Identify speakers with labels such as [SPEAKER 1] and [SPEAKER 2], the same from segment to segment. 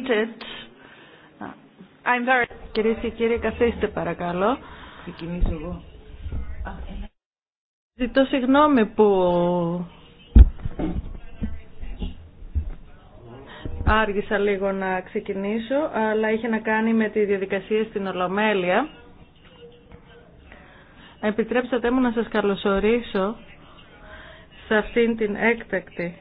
[SPEAKER 1] Κυρίε uh, I'm very... Κυρίε και κύριοι, καθίστε παρακαλώ. Ξεκινήσω εγώ. Ζητώ συγγνώμη που άργησα λίγο να ξεκινήσω, αλλά είχε να κάνει με τη διαδικασία στην Ολομέλεια. Επιτρέψατε μου να σας καλωσορίσω σε αυτήν την έκτακτη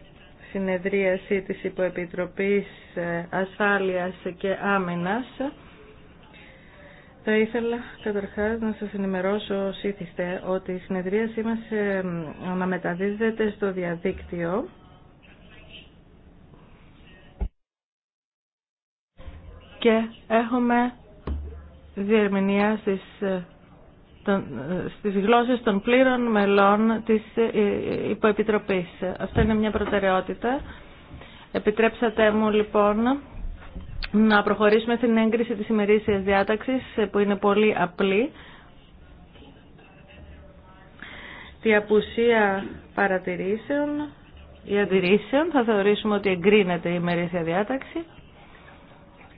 [SPEAKER 1] συνεδρίαση της Υποεπιτροπής ε, Ασφάλειας και Άμυνας. Θα ήθελα καταρχάς να σας ενημερώσω σύθιστε ότι η συνεδρίασή μας ε, αναμεταδίδεται στο διαδίκτυο και έχουμε διερμηνία στις ε, στις γλώσσες των πλήρων μελών της ε, υποεπιτροπής. Αυτό είναι μια προτεραιότητα. Επιτρέψατε μου λοιπόν να προχωρήσουμε στην έγκριση της ημερήσιας διάταξης που είναι πολύ απλή. Τη απουσία παρατηρήσεων ή αντιρρήσεων θα θεωρήσουμε ότι εγκρίνεται η ημερήσια διάταξη.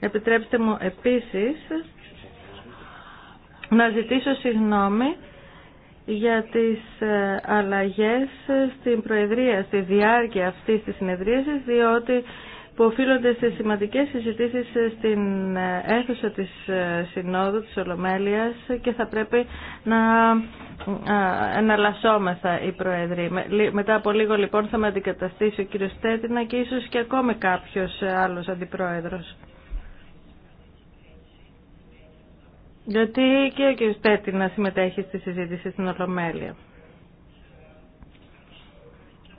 [SPEAKER 1] Επιτρέψτε μου επίσης να ζητήσω συγγνώμη για τις ε, αλλαγές στην Προεδρία, στη διάρκεια αυτής της συνεδρίασης, διότι που οφείλονται σε σημαντικές συζητήσεις στην ε, αίθουσα της ε, Συνόδου της Ολομέλειας και θα πρέπει να εναλλασσόμεθα η Προεδροί. Μετά από λίγο λοιπόν θα με αντικαταστήσει ο κύριος Στέτινα και ίσως και ακόμη κάποιος άλλος αντιπρόεδρος. Γιατί και ο κ. να συμμετέχει στη συζήτηση στην Ολομέλεια.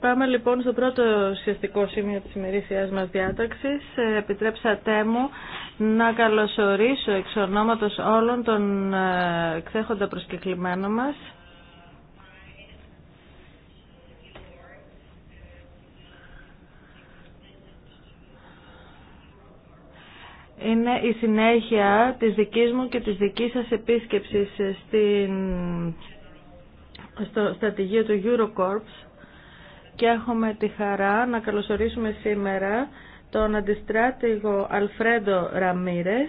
[SPEAKER 1] Πάμε λοιπόν στο πρώτο ουσιαστικό σημείο της ημερήσιας μας διάταξης. Ε, επιτρέψατε μου να καλωσορίσω εξ ονόματος όλων των εξέχοντα προσκεκλημένων μας είναι η συνέχεια της δικής μου και της δικής σας επίσκεψης στην, στο στρατηγείο του Eurocorps και έχουμε τη χαρά να καλωσορίσουμε σήμερα τον αντιστράτηγο Αλφρέντο Ραμίρες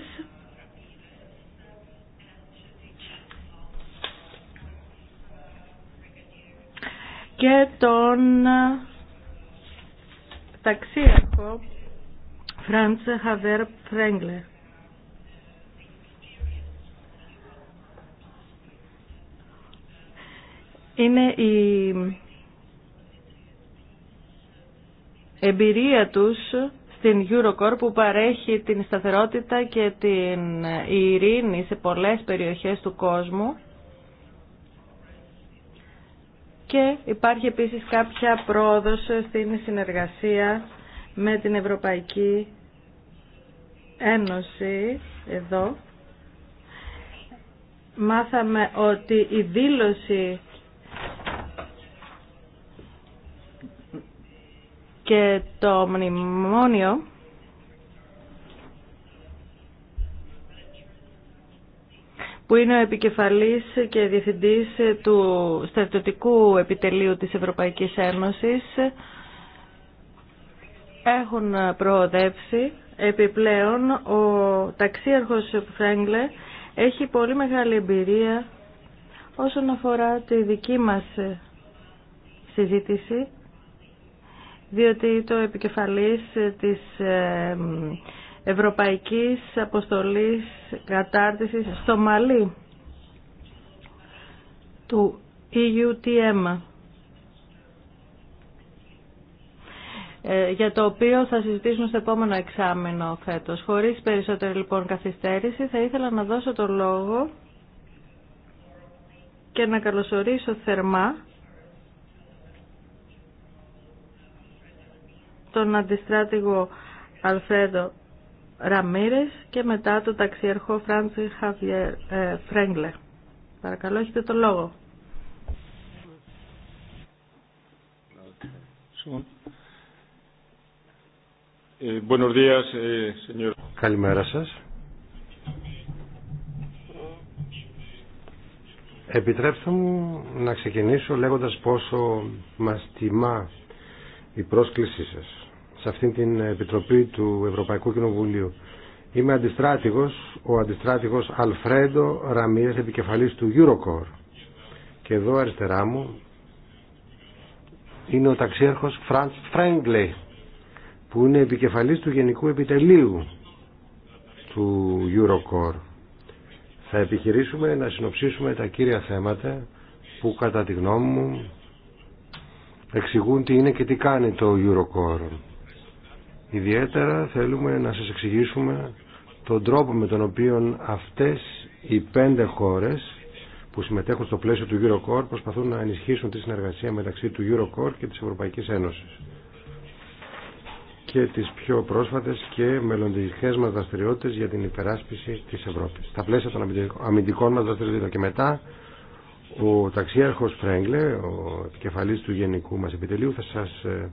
[SPEAKER 1] και τον ταξίαρχο Franz Χαβέρ Είναι η εμπειρία τους στην Eurocorp που παρέχει την σταθερότητα και την ειρήνη σε πολλές περιοχές του κόσμου και υπάρχει επίσης κάποια πρόοδος στην συνεργασία με την Ευρωπαϊκή Ένωση εδώ μάθαμε ότι η δήλωση και το μνημόνιο που είναι ο επικεφαλής και διευθυντής του στρατιωτικού επιτελείου της Ευρωπαϊκής Ένωσης έχουν προοδεύσει Επιπλέον, ο ταξίαρχος Φρέγκλε έχει πολύ μεγάλη εμπειρία όσον αφορά τη δική μας συζήτηση, διότι το επικεφαλής της Ευρωπαϊκής Αποστολής Κατάρτισης στο Μαλί του EUTM Ε, για το οποίο θα συζητήσουμε στο επόμενο εξάμεινο φέτος. Χωρίς περισσότερη λοιπόν καθυστέρηση θα ήθελα να δώσω το λόγο και να καλωσορίσω θερμά τον αντιστράτηγο Αλφρέντο Ραμίρες και μετά τον ταξιερχό Φράντσι Χαβιέρ ε, Φρέγκλε. Παρακαλώ, έχετε το λόγο. Okay.
[SPEAKER 2] Ε, ε, Καλημέρα σας. Επιτρέψτε μου να ξεκινήσω λέγοντας πόσο μας τιμά η πρόσκλησή σας σε αυτήν την Επιτροπή του Ευρωπαϊκού Κοινοβουλίου. Είμαι αντιστράτηγος, ο αντιστράτηγος Αλφρέντο Ραμίες, επικεφαλής του Eurocor. Και εδώ αριστερά μου είναι ο ταξίαρχος Φραντς Φρέγκλεϊ, που είναι επικεφαλής του Γενικού Επιτελείου του Eurocore. Θα επιχειρήσουμε να συνοψίσουμε τα κύρια θέματα που κατά τη γνώμη μου εξηγούν τι είναι και τι κάνει το Eurocore. Ιδιαίτερα θέλουμε να σας εξηγήσουμε τον τρόπο με τον οποίο αυτές οι πέντε χώρες που συμμετέχουν στο πλαίσιο του Eurocore προσπαθούν να ενισχύσουν τη συνεργασία μεταξύ του Eurocore και της Ευρωπαϊκής Ένωσης και τις πιο πρόσφατες και μελλοντικές μας δραστηριότητες για την υπεράσπιση της Ευρώπης. Στα πλαίσια των αμυντικών μας δραστηριοτήτων και μετά ο ταξίαρχος Φρέγκλε, ο επικεφαλής του Γενικού μας Επιτελείου, θα σας ε,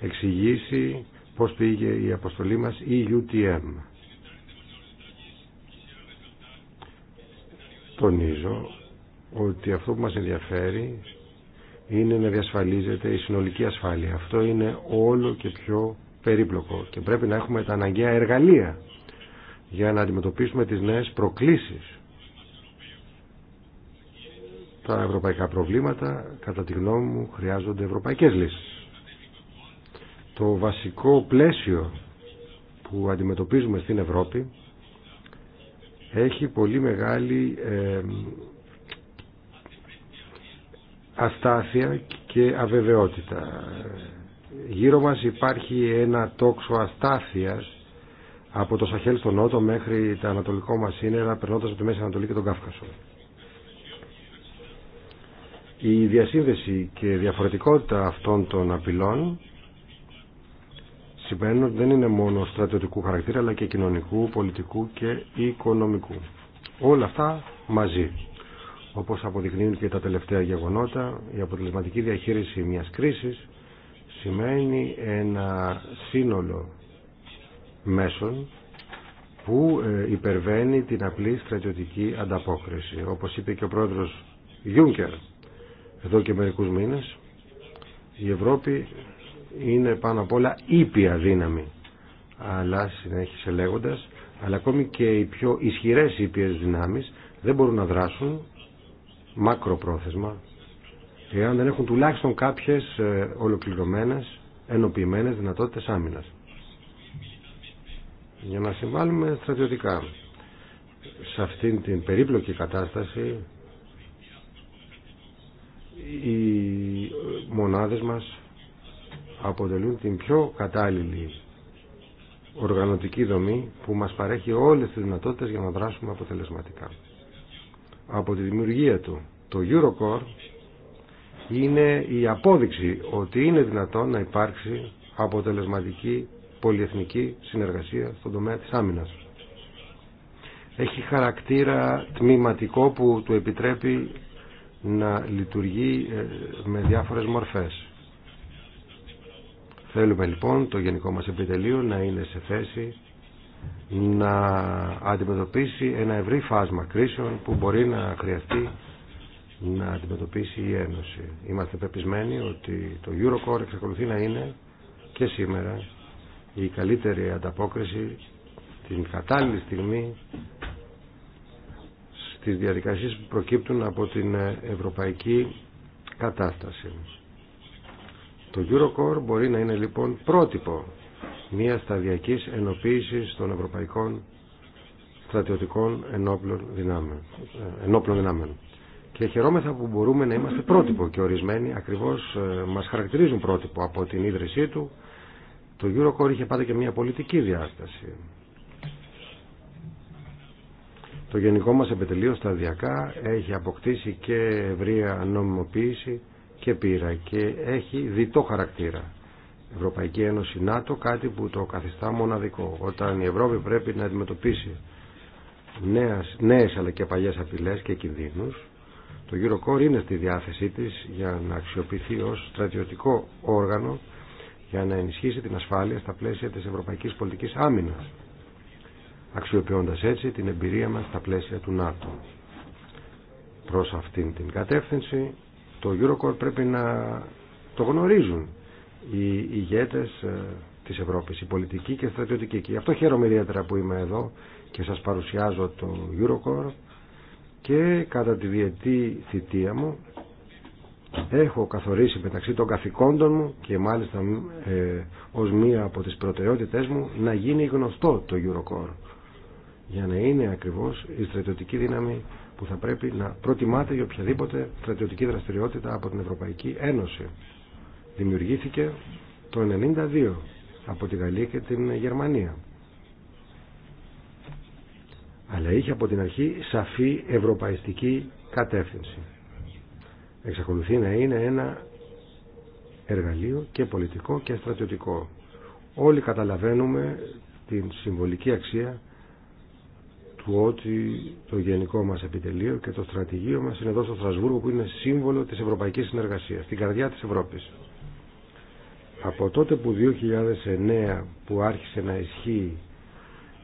[SPEAKER 2] εξηγήσει πώς πήγε η αποστολή μας UTM. Τονίζω ότι αυτό που μας ενδιαφέρει είναι να διασφαλίζεται η συνολική ασφάλεια. Αυτό είναι όλο και πιο περίπλοκο και πρέπει να έχουμε τα αναγκαία εργαλεία για να αντιμετωπίσουμε τις νέες προκλήσεις. Τα ευρωπαϊκά προβλήματα, κατά τη γνώμη μου, χρειάζονται ευρωπαϊκές λύσεις. Το βασικό πλαίσιο που αντιμετωπίζουμε στην Ευρώπη έχει πολύ μεγάλη ε, αστάθεια και αβεβαιότητα. Γύρω μας υπάρχει ένα τόξο αστάθειας από το Σαχέλ στο Νότο μέχρι τα ανατολικό μας σύνερα, περνώντας από τη Μέση Ανατολή και τον Κάφκασο. Η διασύνδεση και διαφορετικότητα αυτών των απειλών σημαίνει ότι δεν είναι μόνο στρατιωτικού χαρακτήρα, αλλά και κοινωνικού, πολιτικού και οικονομικού. Όλα αυτά μαζί όπως αποδεικνύουν και τα τελευταία γεγονότα, η αποτελεσματική διαχείριση μιας κρίσης σημαίνει ένα σύνολο μέσων που ε, υπερβαίνει την απλή στρατιωτική ανταπόκριση. Όπως είπε και ο πρόεδρος Γιούνκερ εδώ και μερικούς μήνες, η Ευρώπη είναι πάνω απ' όλα ήπια δύναμη. Αλλά συνέχισε λέγοντας, αλλά ακόμη και οι πιο ισχυρές ήπιες δυνάμεις δεν μπορούν να δράσουν μακροπρόθεσμα εάν δεν έχουν τουλάχιστον κάποιες ε, ολοκληρωμένες, ενοποιημένες δυνατότητες άμυνας. Για να συμβάλλουμε στρατιωτικά σε αυτήν την περίπλοκη κατάσταση οι μονάδες μας αποτελούν την πιο κατάλληλη οργανωτική δομή που μας παρέχει όλες τις δυνατότητες για να δράσουμε αποτελεσματικά από τη δημιουργία του. Το Eurocore είναι η απόδειξη ότι είναι δυνατόν να υπάρξει αποτελεσματική πολυεθνική συνεργασία στον τομέα της άμυνας. Έχει χαρακτήρα τμήματικό που του επιτρέπει να λειτουργεί ε, με διάφορες μορφές. Θέλουμε λοιπόν το γενικό μας επιτελείο να είναι σε θέση να αντιμετωπίσει ένα ευρύ φάσμα κρίσεων που μπορεί να χρειαστεί να αντιμετωπίσει η Ένωση. Είμαστε πεπισμένοι ότι το Eurocore εξακολουθεί να είναι και σήμερα η καλύτερη ανταπόκριση την κατάλληλη στιγμή στις διαδικασίες που προκύπτουν από την ευρωπαϊκή κατάσταση. Το Eurocore μπορεί να είναι λοιπόν πρότυπο μια σταδιακής ενοποίησης των ευρωπαϊκών στρατιωτικών ενόπλων δυνάμεων, ε, ενόπλων δυνάμεων. Και χαιρόμεθα που μπορούμε να είμαστε πρότυπο και ορισμένοι ακριβώς ε, μας χαρακτηρίζουν πρότυπο από την ίδρυσή του. Το Eurocore είχε πάντα και μια πολιτική διάσταση. Το γενικό μας επιτελείο σταδιακά έχει αποκτήσει και ευρεία νομιμοποίηση και πείρα και έχει διτό χαρακτήρα. Ευρωπαϊκή Ένωση ΝΑΤΟ κάτι που το καθιστά μοναδικό. Όταν η Ευρώπη πρέπει να αντιμετωπίσει νέες, νέες αλλά και παλιές απειλές και κινδύνους το Eurocore είναι στη διάθεσή της για να αξιοποιηθεί ως στρατιωτικό όργανο για να ενισχύσει την ασφάλεια στα πλαίσια της Ευρωπαϊκής Πολιτικής Άμυνας αξιοποιώντας έτσι την εμπειρία μας στα πλαίσια του ΝΑΤΟ. Προς αυτήν την κατεύθυνση το Eurocore πρέπει να το γνωρίζουν οι ηγέτες ε, της Ευρώπης, η πολιτική και η στρατιωτική. αυτό χαίρομαι ιδιαίτερα που είμαι εδώ και σας παρουσιάζω το Eurocore και κατά τη διετή θητεία μου έχω καθορίσει μεταξύ των καθηκόντων μου και μάλιστα ε, ως μία από τις προτεραιότητες μου να γίνει γνωστό το Eurocore για να είναι ακριβώς η στρατιωτική δύναμη που θα πρέπει να προτιμάται για οποιαδήποτε στρατιωτική δραστηριότητα από την Ευρωπαϊκή Ένωση δημιουργήθηκε το 1992 από τη Γαλλία και την Γερμανία. Αλλά είχε από την αρχή σαφή ευρωπαϊστική κατεύθυνση. Εξακολουθεί να είναι ένα εργαλείο και πολιτικό και στρατιωτικό. Όλοι καταλαβαίνουμε την συμβολική αξία του ότι το γενικό μας επιτελείο και το στρατηγείο μας είναι εδώ στο Στρασβούργο που είναι σύμβολο της ευρωπαϊκής συνεργασίας, στην καρδιά της Ευρώπης. Από τότε που 2009 που άρχισε να ισχύει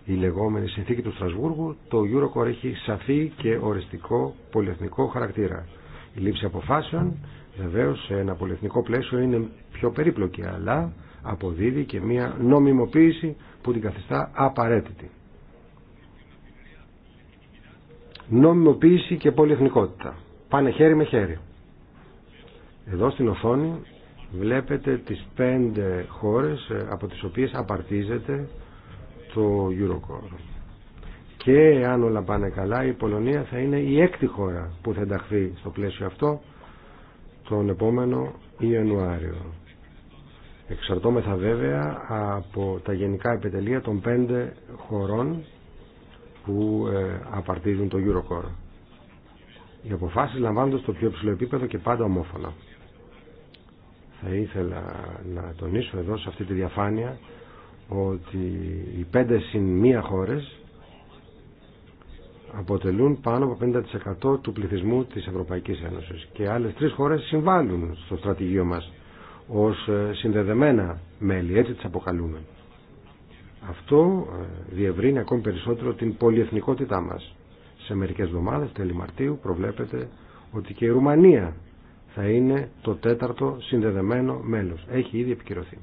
[SPEAKER 2] η λεγόμενη συνθήκη του Στρασβούργου, το Eurocore έχει σαφή και οριστικό πολυεθνικό χαρακτήρα. Η λήψη αποφάσεων βεβαίω σε ένα πολυεθνικό πλαίσιο είναι πιο περίπλοκη, αλλά αποδίδει και μια νομιμοποίηση που την καθιστά απαραίτητη. Νομιμοποίηση και πολυεθνικότητα. Πάνε χέρι με χέρι. Εδώ στην οθόνη βλέπετε τις πέντε χώρες ε, από τις οποίες απαρτίζεται το Eurocore. Και αν όλα πάνε καλά η Πολωνία θα είναι η έκτη χώρα που θα ενταχθεί στο πλαίσιο αυτό τον επόμενο Ιανουάριο. Εξαρτώμεθα βέβαια από τα γενικά επιτελεία των πέντε χωρών που ε, απαρτίζουν το Eurocore. Οι αποφάσεις λαμβάνονται στο πιο ψηλό επίπεδο και πάντα ομόφωνα. Θα ήθελα να τονίσω εδώ σε αυτή τη διαφάνεια ότι οι πέντε συν μία χώρες αποτελούν πάνω από 50% του πληθυσμού της Ευρωπαϊκής Ένωσης και άλλες τρεις χώρες συμβάλλουν στο στρατηγείο μας ως ε, συνδεδεμένα μέλη, έτσι τις αποκαλούμε. Αυτό ε, διευρύνει ακόμη περισσότερο την πολυεθνικότητά μας. Σε μερικές εβδομάδες, τέλη Μαρτίου, προβλέπεται ότι και η Ρουμανία θα είναι το τέταρτο συνδεδεμένο μέλος. Έχει ήδη επικυρωθεί.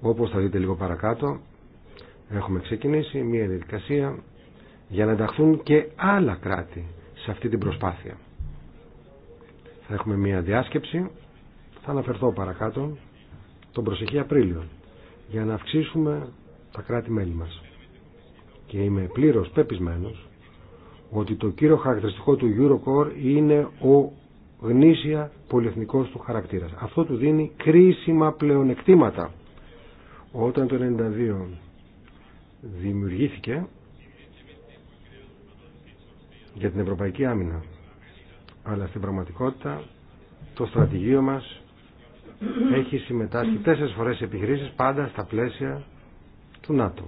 [SPEAKER 2] Όπως θα δείτε λίγο παρακάτω, έχουμε ξεκινήσει μια διαδικασία για να ενταχθούν και άλλα κράτη σε αυτή την προσπάθεια. Θα έχουμε μια διάσκεψη, θα αναφερθώ παρακάτω, τον προσεχή Απρίλιο, για να αυξήσουμε τα κράτη-μέλη μας. Και είμαι πλήρως πεπισμένος ότι το κύριο χαρακτηριστικό του Eurocore είναι ο γνήσια πολυεθνικός του χαρακτήρας. Αυτό του δίνει κρίσιμα πλεονεκτήματα. Όταν το 1992 δημιουργήθηκε για την Ευρωπαϊκή Άμυνα, αλλά στην πραγματικότητα το στρατηγείο μας έχει συμμετάσχει τέσσερις φορές σε πάντα στα πλαίσια του ΝΑΤΟ.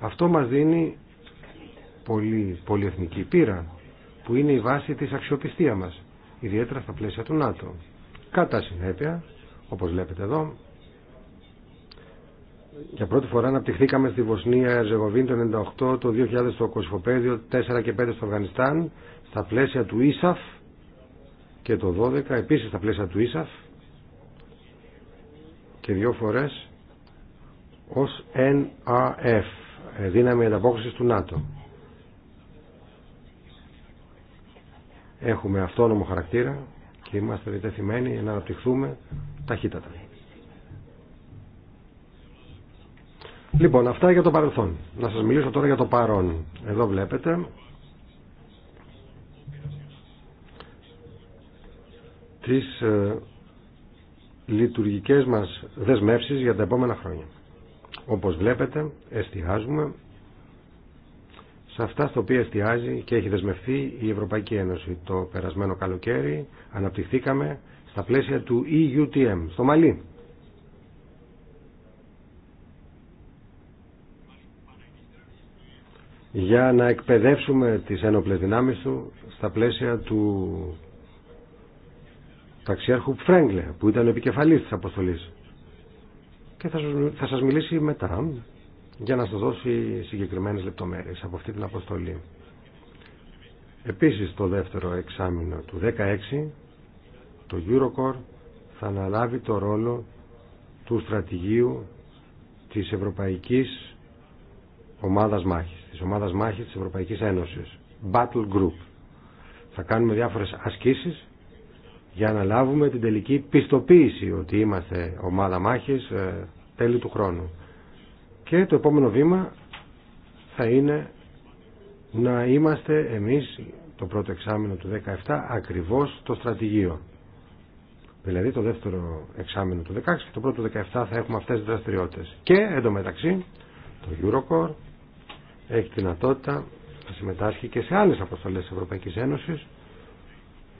[SPEAKER 2] Αυτό μας δίνει πολύ, πολυεθνική πείρα που είναι η βάση της αξιοπιστία μας, ιδιαίτερα στα πλαίσια του ΝΑΤΟ. Κατά συνέπεια, όπως βλέπετε εδώ, για πρώτη φορά αναπτυχθήκαμε στη Βοσνία, Ερζεγοβίνη το 1998, το 2000 στο Κοσφοπέδιο, 4 και 5 στο Αφγανιστάν, στα πλαίσια του ΙΣΑΦ και το 12 επίσης στα πλαίσια του ΙΣΑΦ και δύο φορές ως NAF, ε, δύναμη ανταπόκρισης του ΝΑΤΟ. Έχουμε αυτόνομο χαρακτήρα και είμαστε διτεθειμένοι να αναπτυχθούμε ταχύτατα. Λοιπόν, αυτά για το παρελθόν. Να σας μιλήσω τώρα για το παρόν. Εδώ βλέπετε τις ε, λειτουργικές μας δεσμεύσεις για τα επόμενα χρόνια. Όπως βλέπετε, εστιάζουμε σε αυτά στο οποία εστιάζει και έχει δεσμευθεί η Ευρωπαϊκή Ένωση. Το περασμένο καλοκαίρι αναπτυχθήκαμε στα πλαίσια του EUTM στο Μαλί. για να εκπαιδεύσουμε τις ένοπλες δυνάμεις του στα πλαίσια του ταξιάρχου Φρέγκλε που ήταν επικεφαλής της αποστολής και θα σας μιλήσει μετά για να σας δώσει συγκεκριμένες λεπτομέρειες από αυτή την αποστολή. Επίσης το δεύτερο εξάμεινο του 16 το Eurocore θα αναλάβει το ρόλο του στρατηγίου της Ευρωπαϊκής Ομάδας Μάχης, της Ομάδας Μάχης της Ευρωπαϊκής Ένωσης, Battle Group. Θα κάνουμε διάφορες ασκήσεις για να λάβουμε την τελική πιστοποίηση ότι είμαστε ομάδα μάχης ε, τέλη του χρόνου. Και το επόμενο βήμα θα είναι να είμαστε εμείς το πρώτο εξάμεινο του 17 ακριβώς το στρατηγείο. Δηλαδή το δεύτερο εξάμεινο του 16 και το πρώτο του 17 θα έχουμε αυτές τις δραστηριότητες. Και εντωμεταξύ το Eurocore έχει δυνατότητα να συμμετάσχει και σε άλλες αποστολές της Ευρωπαϊκής Ένωσης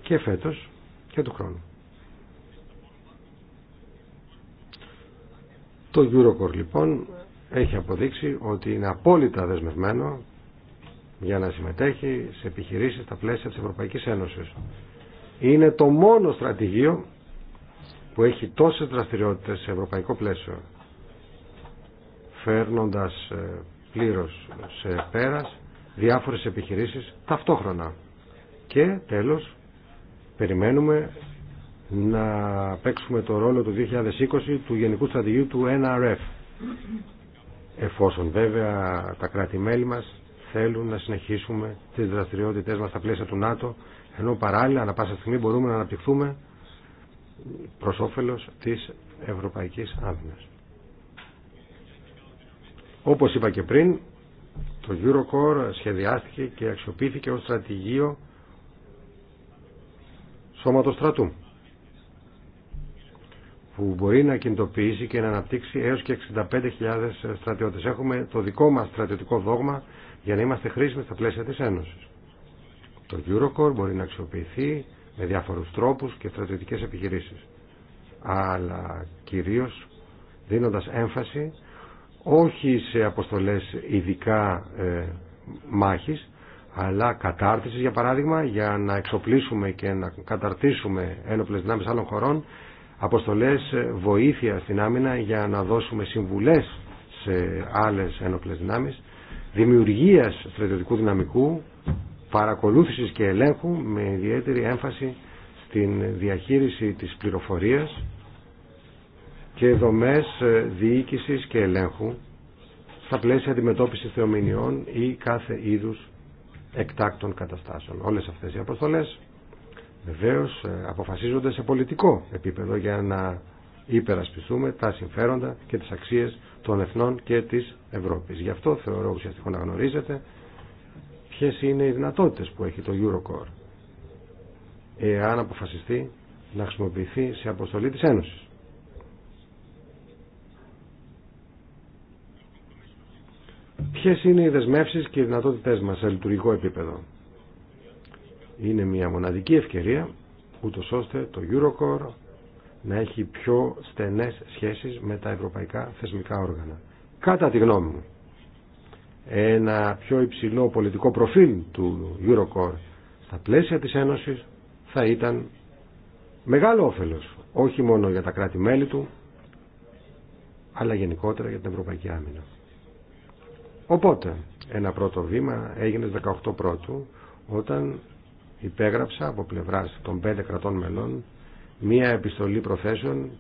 [SPEAKER 2] και φέτος και του χρόνου. Το Eurocore λοιπόν έχει αποδείξει ότι είναι απόλυτα δεσμευμένο για να συμμετέχει σε επιχειρήσεις στα πλαίσια της Ευρωπαϊκής Ένωσης. Είναι το μόνο στρατηγείο που έχει τόσες δραστηριότητες σε ευρωπαϊκό πλαίσιο φέρνοντας ε, πλήρως σε πέρας διάφορες επιχειρήσεις ταυτόχρονα. Και τέλος περιμένουμε να παίξουμε το ρόλο του 2020 του Γενικού Στρατηγίου του NRF εφόσον βέβαια τα κράτη-μέλη μας θέλουν να συνεχίσουμε τις δραστηριότητές μας στα πλαίσια του ΝΑΤΟ, ενώ παράλληλα ανα πάσα στιγμή μπορούμε να αναπτυχθούμε προς όφελος της Ευρωπαϊκής Άμυνας. Όπως είπα και πριν, το Eurocore σχεδιάστηκε και αξιοποιήθηκε ως στρατηγείο σώματος στρατού που μπορεί να κινητοποιήσει και να αναπτύξει έως και 65.000 στρατιώτες. Έχουμε το δικό μας στρατιωτικό δόγμα για να είμαστε χρήσιμοι στα πλαίσια της Ένωσης. Το Eurocore μπορεί να αξιοποιηθεί με διάφορους τρόπους και στρατιωτικές επιχειρήσεις. Αλλά κυρίως δίνοντας έμφαση όχι σε αποστολές ειδικά ε, μάχης, αλλά κατάρτισης για παράδειγμα για να εξοπλίσουμε και να καταρτήσουμε ένοπλες δυνάμεις άλλων χωρών αποστολές ε, βοήθεια στην άμυνα για να δώσουμε συμβουλές σε άλλες ένοπλες δυνάμεις, δημιουργίας στρατιωτικού δυναμικού, παρακολούθησης και ελέγχου με ιδιαίτερη έμφαση στην διαχείριση της πληροφορίας και δομές ε, διοίκησης και ελέγχου στα πλαίσια αντιμετώπιση θεομηνιών ή κάθε είδους εκτάκτων καταστάσεων. Όλες αυτές οι αποστολές Βεβαίω ε, αποφασίζονται σε πολιτικό επίπεδο για να υπερασπιστούμε τα συμφέροντα και τις αξίες των εθνών και της Ευρώπης. Γι' αυτό θεωρώ ουσιαστικό να γνωρίζετε ποιες είναι οι δυνατότητες που έχει το Eurocore εάν αποφασιστεί να χρησιμοποιηθεί σε αποστολή της Ένωσης. Ποιες είναι οι δεσμεύσεις και οι δυνατότητές μας σε λειτουργικό επίπεδο είναι μια μοναδική ευκαιρία ούτω ώστε το Eurocore να έχει πιο στενές σχέσεις με τα ευρωπαϊκά θεσμικά όργανα. Κατά τη γνώμη μου, ένα πιο υψηλό πολιτικό προφίλ του Eurocore στα πλαίσια της Ένωσης θα ήταν μεγάλο όφελος, όχι μόνο για τα κράτη-μέλη του, αλλά γενικότερα για την Ευρωπαϊκή Άμυνα. Οπότε, ένα πρώτο βήμα έγινε 18 πρώτου, όταν υπέγραψα από πλευράς των πέντε κρατών μελών μία επιστολή προθέσεων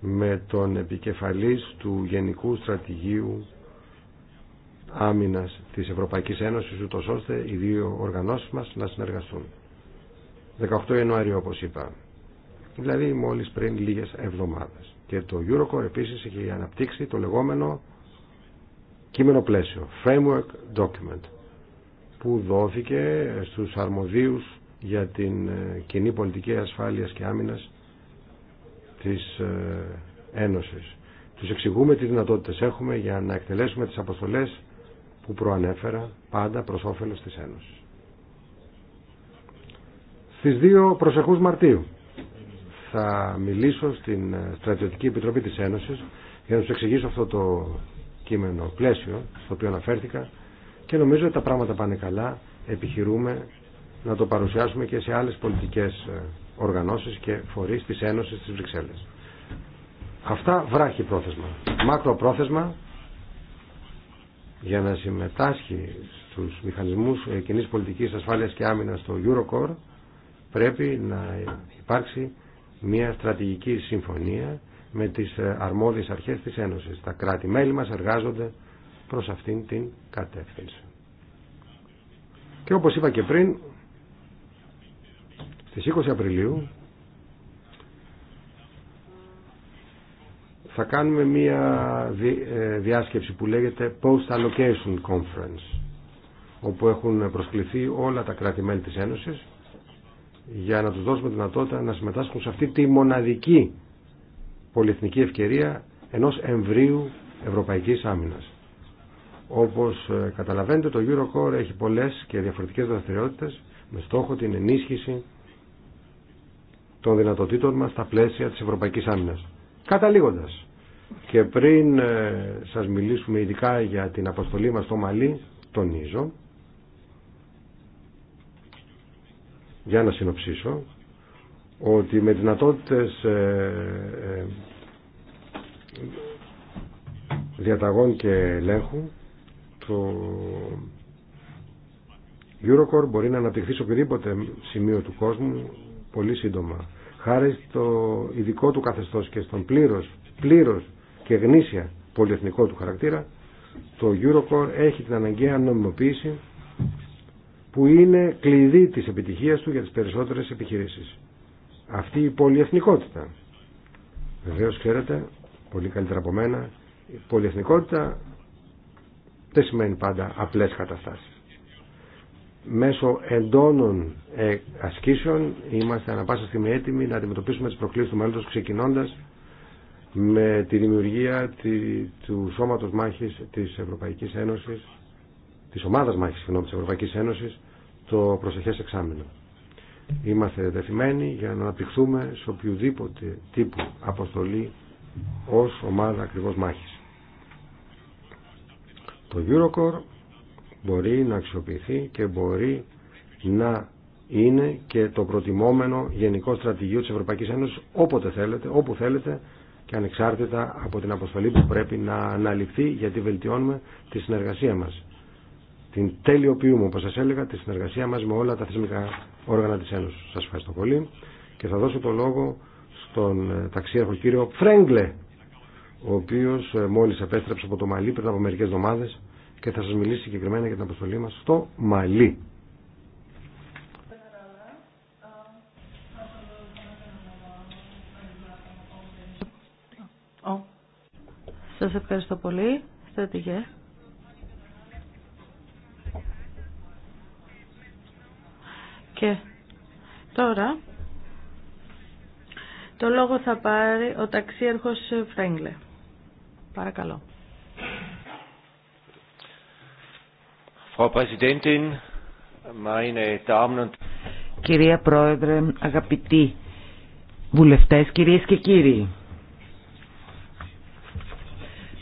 [SPEAKER 2] με τον επικεφαλής του Γενικού Στρατηγίου Άμυνας της Ευρωπαϊκής Ένωσης ούτως ώστε οι δύο οργανώσεις μας να συνεργαστούν. 18 Ιανουαρίου όπως είπα. Δηλαδή μόλις πριν λίγες εβδομάδες. Και το Eurocore επίσης είχε αναπτύξει το λεγόμενο κείμενο πλαίσιο, framework document, που δόθηκε στους αρμοδίους για την ε, κοινή πολιτική ασφάλειας και άμυνας της ε, Ένωσης. Τους εξηγούμε τι δυνατότητες έχουμε για να εκτελέσουμε τις αποστολές που προανέφερα πάντα προς όφελος της Ένωσης. Στις 2 προσεχούς Μαρτίου θα μιλήσω στην ε, Στρατιωτική Επιτροπή της Ένωσης για να τους εξηγήσω αυτό το κείμενο πλαίσιο στο οποίο αναφέρθηκα και νομίζω ότι τα πράγματα πάνε καλά. Επιχειρούμε να το παρουσιάσουμε και σε άλλες πολιτικές ε, οργανώσεις και φορείς της Ένωσης της Βρυξέλλες. Αυτά βράχει πρόθεσμα. Μάκρο πρόθεσμα για να συμμετάσχει στους μηχανισμούς ε, κοινής πολιτικής ασφάλειας και άμυνας στο Eurocore πρέπει να υπάρξει μια στρατηγική συμφωνία με τις ε, αρμόδιες αρχές της Ένωσης. Τα κράτη-μέλη μας εργάζονται προς αυτήν την κατεύθυνση. Και όπως είπα και πριν, στις 20 Απριλίου θα κάνουμε μία ε, διάσκεψη που λέγεται Post Allocation Conference όπου έχουν προσκληθεί όλα τα κράτη-μέλη της Ένωσης για να τους δώσουμε δυνατότητα να συμμετάσχουν σε αυτή τη μοναδική πολυεθνική ευκαιρία ενός εμβρίου ευρωπαϊκής άμυνας. Όπως ε, καταλαβαίνετε το Eurocore έχει πολλές και διαφορετικές δραστηριότητες με στόχο την ενίσχυση των δυνατοτήτων μας στα πλαίσια της Ευρωπαϊκής Άμυνας. Καταλήγοντας και πριν ε, σας μιλήσουμε ειδικά για την αποστολή μας στο Μαλί, τονίζω για να συνοψίσω ότι με δυνατότητες ε, διαταγών και ελέγχου το Eurocore μπορεί να αναπτυχθεί σε οποιοδήποτε σημείο του κόσμου πολύ σύντομα. Χάρη στο ειδικό του καθεστώς και στον πλήρως, πλήρως και γνήσια πολυεθνικό του χαρακτήρα, το Eurocore έχει την αναγκαία νομιμοποίηση που είναι κλειδί της επιτυχίας του για τις περισσότερες επιχειρήσεις. Αυτή η πολυεθνικότητα. Βεβαίω ξέρετε, πολύ καλύτερα από μένα, η πολυεθνικότητα δεν σημαίνει πάντα απλές καταστάσεις. Μέσω εντόνων ε, ασκήσεων είμαστε ανα πάσα στιγμή έτοιμοι να αντιμετωπίσουμε τις προκλήσεις του μέλλοντος ξεκινώντας με τη δημιουργία του σώματος μάχης της Ευρωπαϊκής Ένωσης της ομάδας μάχης συγγνώμη, της Ευρωπαϊκής Ένωσης το προσεχές εξάμεινο. Είμαστε δεθυμένοι για να αναπτυχθούμε σε οποιοδήποτε τύπου αποστολή ως ομάδα ακριβώς μάχης. Το Eurocore μπορεί να αξιοποιηθεί και μπορεί να είναι και το προτιμόμενο γενικό στρατηγείο της Ευρωπαϊκής Ένωσης όποτε θέλετε, όπου θέλετε και ανεξάρτητα από την αποστολή που πρέπει να αναλυφθεί γιατί βελτιώνουμε τη συνεργασία μας. Την τέλειοποιούμε, όπως σας έλεγα, τη συνεργασία μας με όλα τα θεσμικά όργανα της Ένωσης. Σας ευχαριστώ πολύ και θα δώσω το λόγο στον ταξίαρχο κύριο Φρέγκλε ο οποίο ε, μόλις επέστρεψε από το Μαλί πριν από μερικέ εβδομάδε και θα σας μιλήσει συγκεκριμένα για την αποστολή μα στο Μαλί.
[SPEAKER 1] Σα ευχαριστώ πολύ, στρατηγέ. Και τώρα το λόγο θα πάρει ο ταξίαρχος Φρέγκλε. Παρακαλώ.
[SPEAKER 3] Κυρία Πρόεδρε, αγαπητοί βουλευτές, κυρίες και κύριοι.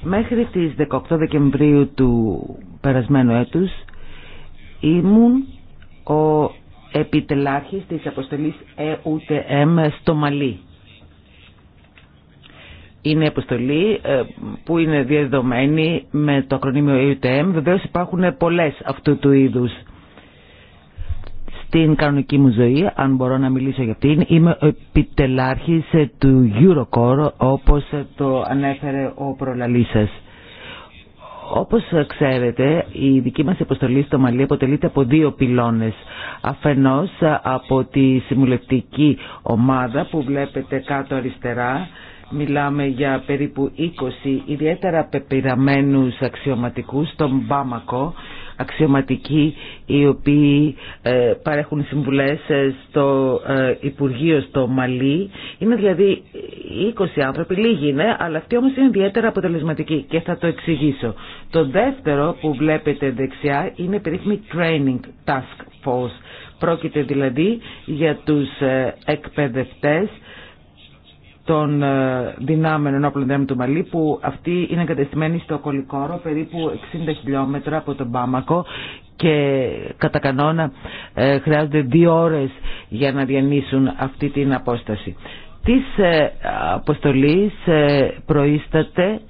[SPEAKER 3] Μέχρι τις 18 Δεκεμβρίου του περασμένου έτους ήμουν ο επιτελάρχης της αποστολής EUTM ε στο Μαλί. Είναι αποστολή ε, που είναι διαδεδομένη με το ακρονίμιο EUTM. Βεβαίω υπάρχουν πολλέ αυτού του είδους στην κανονική μου ζωή, αν μπορώ να μιλήσω για αυτήν, είμαι του Eurocore, όπως το ανέφερε ο προλαλή σα. Όπως ξέρετε, η δική μας αποστολή στο Μαλί αποτελείται από δύο πυλώνες. Αφενός από τη συμβουλευτική ομάδα που βλέπετε κάτω αριστερά, Μιλάμε για περίπου 20 ιδιαίτερα πεπειραμένους αξιωματικούς στον Μπάμακο, αξιωματικοί οι οποίοι ε, παρέχουν συμβουλές ε, στο ε, Υπουργείο στο Μαλί. Είναι δηλαδή 20 άνθρωποι, λίγοι είναι, αλλά αυτοί όμως είναι ιδιαίτερα αποτελεσματικοί και θα το εξηγήσω. Το δεύτερο που βλέπετε δεξιά είναι περίφημη Training Task Force. Πρόκειται δηλαδή για τους εκπαιδευτές των ε, δυνάμεων ενόπλων δυνάμεων του Μαλή που αυτοί είναι εγκατεστημένοι στο Κολικόρο περίπου 60 χιλιόμετρα από τον Πάμακο και κατά κανόνα ε, χρειάζονται δύο ώρες για να διανύσουν αυτή την απόσταση. Της ε, αποστολής προείσταται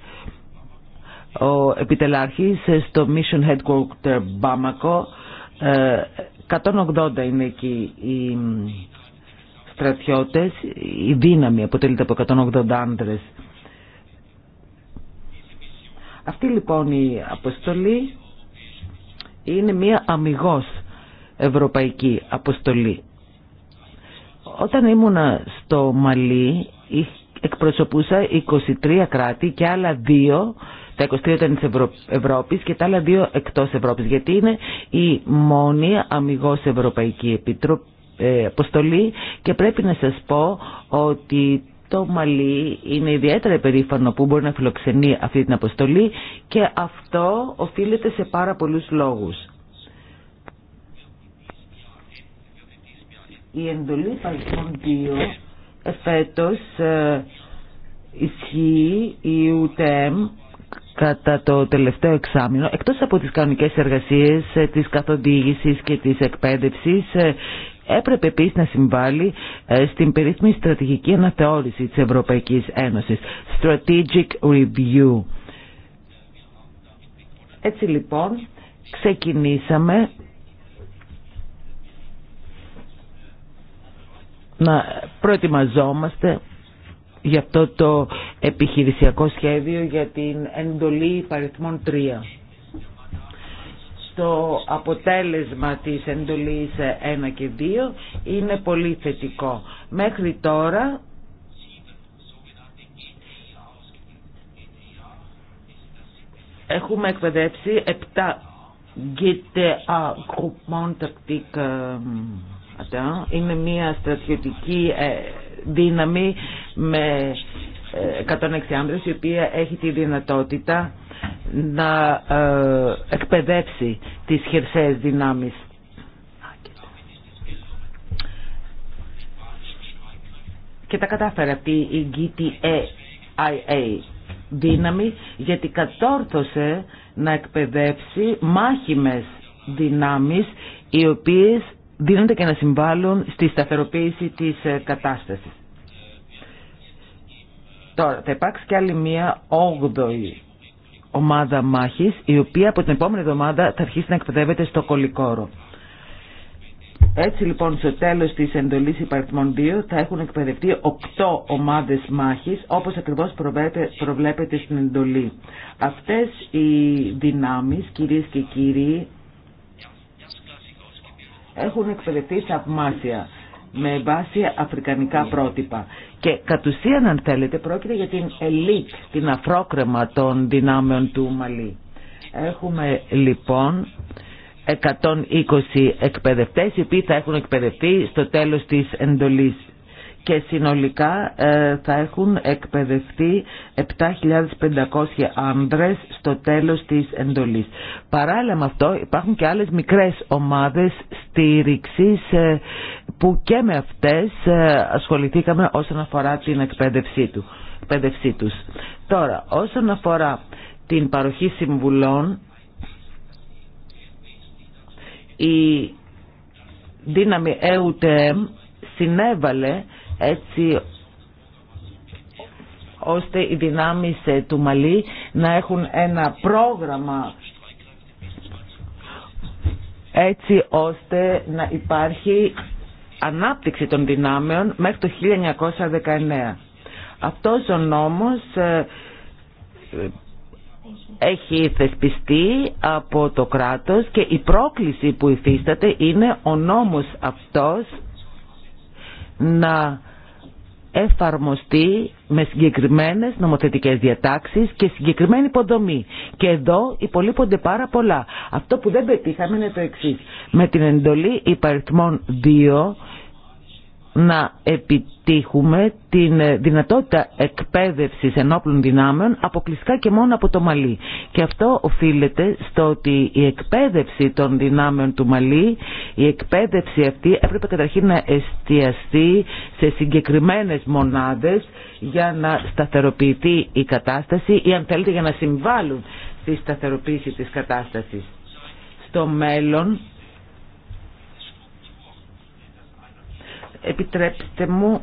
[SPEAKER 3] ο επιτελάρχης στο Mission Headquarter Μπάμακο, 180 είναι εκεί οι στρατιώτες, η δύναμη αποτελείται από 180 άντρες. Αυτή λοιπόν η αποστολή είναι μια αμυγός ευρωπαϊκή αποστολή. Όταν ήμουνα στο Μαλί εκπροσωπούσα 23 κράτη και άλλα δύο τα 23 ήταν της Ευρώπης και τα άλλα δύο εκτός Ευρώπης γιατί είναι η μόνη αμυγός Ευρωπαϊκή Επιτροπή ε, αποστολή και πρέπει να σας πω ότι το Μαλί είναι ιδιαίτερα περήφανο που μπορεί να φιλοξενεί αυτή την αποστολή και αυτό οφείλεται σε πάρα πολλούς λόγους. Η εντολή Παλκών 2 εφέτος ε, ισχύει η UTM κατά το τελευταίο εξάμεινο, εκτός από τις κανονικές εργασίες ε, της καθοδήγησης και της εκπαίδευσης, έπρεπε επίσης να συμβάλλει ε, στην περίφημη στρατηγική αναθεώρηση της Ευρωπαϊκής Ένωσης, Strategic Review. Έτσι λοιπόν ξεκινήσαμε να προετοιμαζόμαστε για αυτό το επιχειρησιακό σχέδιο για την εντολή παριθμών 3 το αποτέλεσμα της εντολής 1 και 2 είναι πολύ θετικό. Μέχρι τώρα έχουμε εκπαιδεύσει 7 GTA Group Tactique ε, είναι μια στρατιωτική ε, δύναμη με 106 ε, άνδρες η οποία έχει τη δυνατότητα να ε, εκπαιδεύσει τις χερσαίες δυνάμεις. Και τα κατάφερε αυτή η GTAIA δύναμη γιατί κατόρθωσε να εκπαιδεύσει μάχημες δυνάμεις οι οποίες δίνονται και να συμβάλλουν στη σταθεροποίηση της ε, κατάστασης. Τώρα, θα υπάρξει και άλλη μία όγδοη ομάδα μάχης η οποία από την επόμενη εβδομάδα θα αρχίσει να εκπαιδεύεται στο Κολικόρο. Έτσι λοιπόν στο τέλος της εντολής υπαριθμών 2 θα έχουν εκπαιδευτεί 8 ομάδες μάχης όπως ακριβώς προβλέπεται στην εντολή. Αυτές οι δυνάμεις κυρίε και κύριοι έχουν εκπαιδευτεί θαυμάσια με βάση αφρικανικά πρότυπα. Και κατ' ουσίαν αν θέλετε πρόκειται για την ελίτ, την αφρόκρεμα των δυνάμεων του Μαλή. Έχουμε λοιπόν 120 εκπαιδευτές οι οποίοι θα έχουν εκπαιδευτεί στο τέλος της εντολής και συνολικά ε, θα έχουν εκπαιδευτεί 7.500 άνδρες στο τέλος της εντολής. Παράλληλα με αυτό υπάρχουν και άλλες μικρές ομάδες στήριξης ε, που και με αυτές ε, ασχοληθήκαμε όσον αφορά την εκπαίδευσή, του, εκπαίδευσή τους. Τώρα, όσον αφορά την παροχή συμβουλών, η δύναμη EUTM συνέβαλε έτσι ώστε οι δυνάμεις ε, του Μαλή να έχουν ένα πρόγραμμα έτσι ώστε να υπάρχει ανάπτυξη των δυνάμεων μέχρι το 1919. Αυτός ο νόμος ε, ε, έχει θεσπιστεί από το κράτος και η πρόκληση που υφίσταται είναι ο νόμος αυτός να εφαρμοστεί με συγκεκριμένες νομοθετικές διατάξεις και συγκεκριμένη υποδομή. Και εδώ υπολείπονται πάρα πολλά. Αυτό που δεν πετύχαμε είναι το εξής. Με την εντολή υπαριθμών 2 να επιτύχουμε την δυνατότητα εκπαίδευσης ενόπλων δυνάμεων αποκλειστικά και μόνο από το Μαλί. Και αυτό οφείλεται στο ότι η εκπαίδευση των δυνάμεων του Μαλί, η εκπαίδευση αυτή έπρεπε καταρχήν να εστιαστεί σε συγκεκριμένες μονάδες για να σταθεροποιηθεί η κατάσταση ή αν θέλετε για να συμβάλλουν στη σταθεροποίηση της κατάστασης. Στο μέλλον επιτρέψτε μου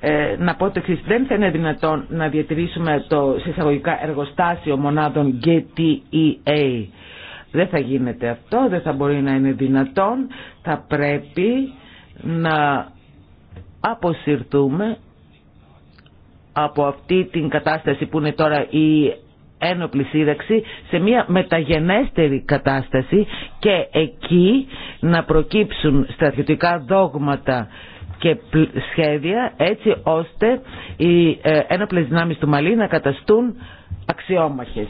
[SPEAKER 3] ε, να πω το εξή. Δεν θα είναι δυνατόν να διατηρήσουμε το συσταγωγικά εργοστάσιο μονάδων GTEA. Δεν θα γίνεται αυτό, δεν θα μπορεί να είναι δυνατόν. Θα πρέπει να αποσυρθούμε από αυτή την κατάσταση που είναι τώρα η ένοπλη σύνταξη σε μια μεταγενέστερη κατάσταση και εκεί να προκύψουν στρατιωτικά δόγματα και σχέδια έτσι ώστε οι ε, ένοπλες δυνάμεις του Μαλή να καταστούν αξιόμαχες.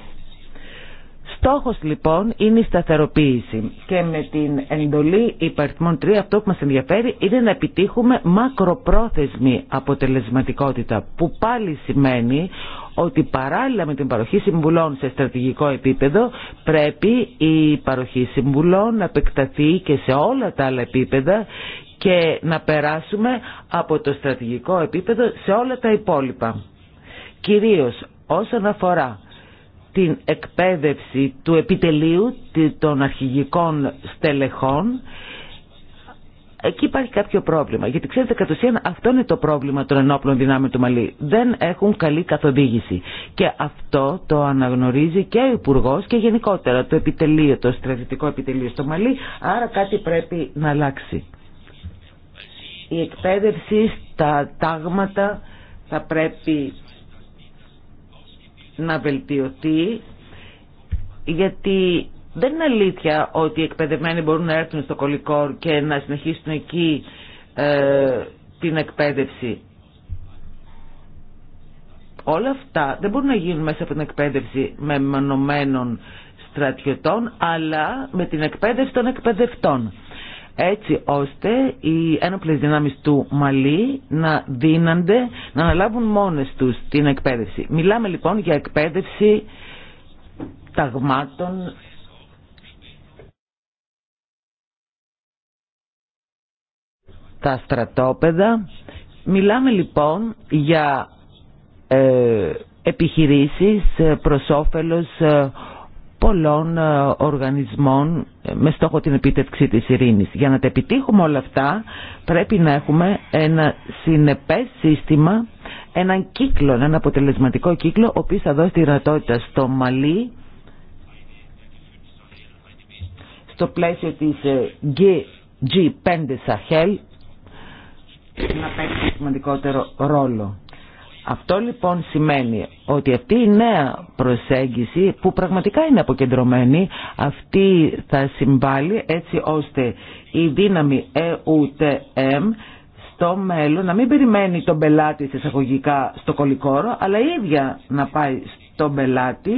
[SPEAKER 3] Στόχος λοιπόν είναι η σταθεροποίηση και με την εντολή υπαριθμών 3 αυτό που μας ενδιαφέρει είναι να επιτύχουμε μακροπρόθεσμη αποτελεσματικότητα που πάλι σημαίνει ότι παράλληλα με την παροχή συμβουλών σε στρατηγικό επίπεδο πρέπει η παροχή συμβουλών να επεκταθεί και σε όλα τα άλλα επίπεδα και να περάσουμε από το στρατηγικό επίπεδο σε όλα τα υπόλοιπα. Κυρίως όσον αφορά την εκπαίδευση του επιτελείου των αρχηγικών στελεχών εκεί υπάρχει κάποιο πρόβλημα. Γιατί ξέρετε, κατ' ουσίαν αυτό είναι το πρόβλημα των ενόπλων δυνάμεων του Μαλή. Δεν έχουν καλή καθοδήγηση. Και αυτό το αναγνωρίζει και ο Υπουργό και γενικότερα το επιτελείο, το στρατιωτικό επιτελείο στο Μαλή. Άρα κάτι πρέπει να αλλάξει. Η εκπαίδευση στα τάγματα θα πρέπει να βελτιωθεί γιατί δεν είναι αλήθεια ότι οι εκπαιδευμένοι μπορούν να έρθουν στο κολικόρ και να συνεχίσουν εκεί ε, την εκπαίδευση. Όλα αυτά δεν μπορούν να γίνουν μέσα από την εκπαίδευση με μεμονωμένων στρατιωτών αλλά με την εκπαίδευση των εκπαιδευτών έτσι ώστε οι ένοπλες δυνάμεις του Μαλή να δίνανται, να αναλάβουν μόνες τους την εκπαίδευση. Μιλάμε λοιπόν για εκπαίδευση ταγμάτων τα στρατόπεδα. Μιλάμε λοιπόν για ε, επιχειρήσεις ε, προς ε, πολλών ε, οργανισμών ε, με στόχο την επίτευξη της ειρήνης. Για να τα επιτύχουμε όλα αυτά πρέπει να έχουμε ένα συνεπές σύστημα, έναν κύκλο, έναν αποτελεσματικό κύκλο ο οποίος θα δώσει τη δυνατότητα στο Μαλί στο πλαίσιο της ε, G5 Sahel να παίξει σημαντικότερο ρόλο. Αυτό λοιπόν σημαίνει ότι αυτή η νέα προσέγγιση που πραγματικά είναι αποκεντρωμένη αυτή θα συμβάλλει έτσι ώστε η δύναμη EUTM ε στο μέλλον να μην περιμένει τον πελάτη εισαγωγικά στο κολικόρο αλλά η ίδια να πάει στον πελάτη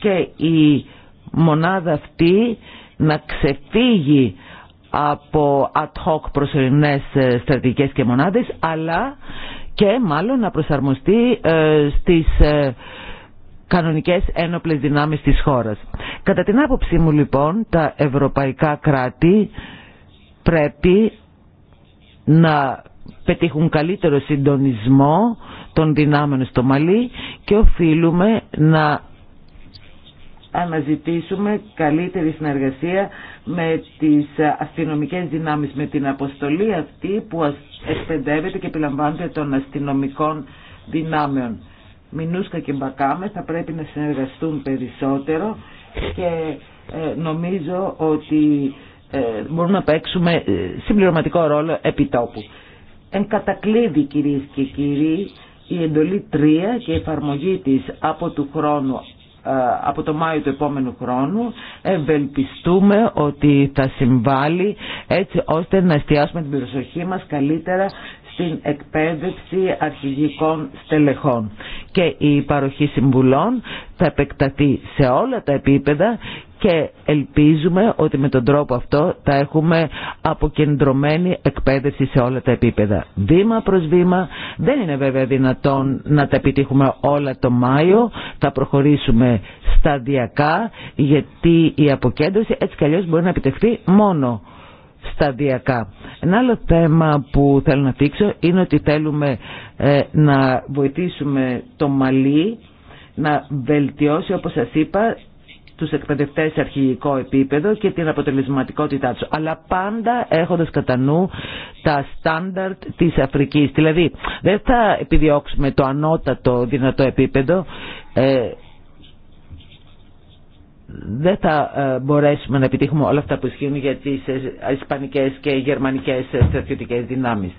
[SPEAKER 3] και η μονάδα αυτή να ξεφύγει από ad hoc προσωρινές στρατηγικές και μονάδες αλλά και μάλλον να προσαρμοστεί ε, στις ε, κανονικές ένοπλες δυνάμεις της χώρας. Κατά την άποψή μου λοιπόν τα ευρωπαϊκά κράτη πρέπει να πετύχουν καλύτερο συντονισμό των δυνάμεων στο Μαλί και οφείλουμε να αναζητήσουμε καλύτερη συνεργασία με τις αστυνομικές δυνάμεις, με την αποστολή αυτή που εκπαιδεύεται και επιλαμβάνεται των αστυνομικών δυνάμεων. Μινούσκα και Μπακάμε θα πρέπει να συνεργαστούν περισσότερο και ε, νομίζω ότι ε, μπορούμε να παίξουμε ε, συμπληρωματικό ρόλο επιτόπου. Εν κατακλείδη κυρίες και κύριοι, η εντολή 3 και η εφαρμογή της από του χρόνου ε, από το Μάιο του επόμενου χρόνου ευελπιστούμε ότι θα συμβάλλει έτσι ώστε να εστιάσουμε την προσοχή μας καλύτερα την εκπαίδευση αρχηγικών στελεχών. Και η παροχή συμβουλών θα επεκταθεί σε όλα τα επίπεδα και ελπίζουμε ότι με τον τρόπο αυτό θα έχουμε αποκεντρωμένη εκπαίδευση σε όλα τα επίπεδα. Βήμα προς βήμα δεν είναι βέβαια δυνατόν να τα επιτύχουμε όλα το Μάιο, θα προχωρήσουμε σταδιακά γιατί η αποκέντρωση έτσι κι μπορεί να επιτευχθεί μόνο σταδιακά. Ένα άλλο θέμα που θέλω να δείξω είναι ότι θέλουμε ε, να βοηθήσουμε το Μαλί να βελτιώσει, όπως σας είπα, τους εκπαιδευτές σε αρχηγικό επίπεδο και την αποτελεσματικότητά τους. Αλλά πάντα έχοντας κατά νου τα στάνταρτ της Αφρικής. Δηλαδή δεν θα επιδιώξουμε το ανώτατο δυνατό επίπεδο. Ε, δεν θα ε, μπορέσουμε να επιτύχουμε όλα αυτά που ισχύουν για τις ε, ισπανικές και γερμανικές ε, στρατιωτικές δυνάμεις.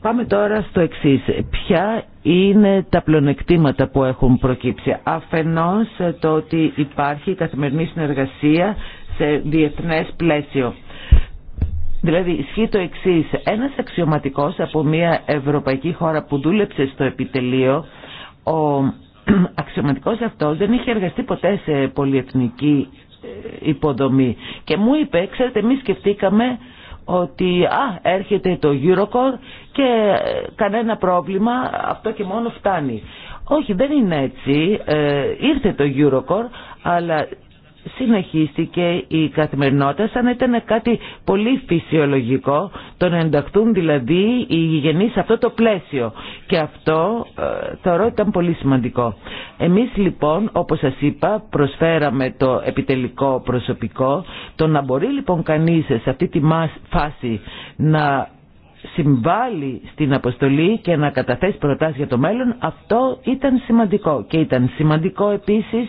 [SPEAKER 3] Πάμε τώρα στο εξής. Ποια είναι τα πλονεκτήματα που έχουν προκύψει. Αφενός το ότι υπάρχει καθημερινή συνεργασία σε διεθνές πλαίσιο. Δηλαδή ισχύει το εξής. Ένας αξιωματικός από μια ευρωπαϊκή χώρα που δούλεψε στο επιτελείο, ο αξιωματικός αυτός δεν είχε εργαστεί ποτέ σε πολυεθνική ε, υποδομή και μου είπε, ξέρετε εμείς σκεφτήκαμε ότι α, έρχεται το Eurocore και ε, κανένα πρόβλημα, αυτό και μόνο φτάνει. Όχι, δεν είναι έτσι. Ε, ήρθε το Eurocore, αλλά συνεχίστηκε η καθημερινότητα σαν να ήταν κάτι πολύ φυσιολογικό το να ενταχθούν δηλαδή οι γηγενείς σε αυτό το πλαίσιο και αυτό ε, θεωρώ ήταν πολύ σημαντικό. Εμείς λοιπόν όπως σας είπα προσφέραμε το επιτελικό προσωπικό το να μπορεί λοιπόν κανείς σε αυτή τη φάση να συμβάλλει στην αποστολή και να καταθέσει προτάσεις για το μέλλον αυτό ήταν σημαντικό και ήταν σημαντικό επίσης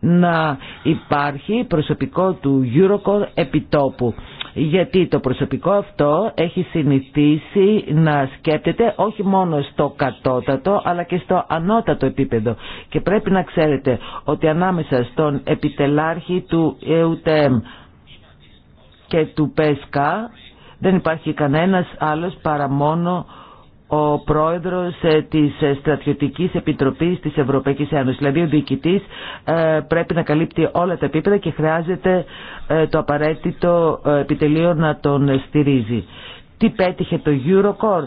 [SPEAKER 3] να υπάρχει προσωπικό του Eurocore επιτόπου. Γιατί το προσωπικό αυτό έχει συνηθίσει να σκέπτεται όχι μόνο στο κατώτατο αλλά και στο ανώτατο επίπεδο. Και πρέπει να ξέρετε ότι ανάμεσα στον επιτελάρχη του ΕΟΤΕΜ και του ΠΕΣΚΑ δεν υπάρχει κανένας άλλος παρά μόνο ο πρόεδρος ε, της ε, Στρατιωτικής Επιτροπής της Ευρωπαϊκής Ένωσης. Δηλαδή ο διοικητής ε, πρέπει να καλύπτει όλα τα επίπεδα και χρειάζεται το απαραίτητο επιτελείο να τον στηρίζει. Τι πέτυχε το Eurocore.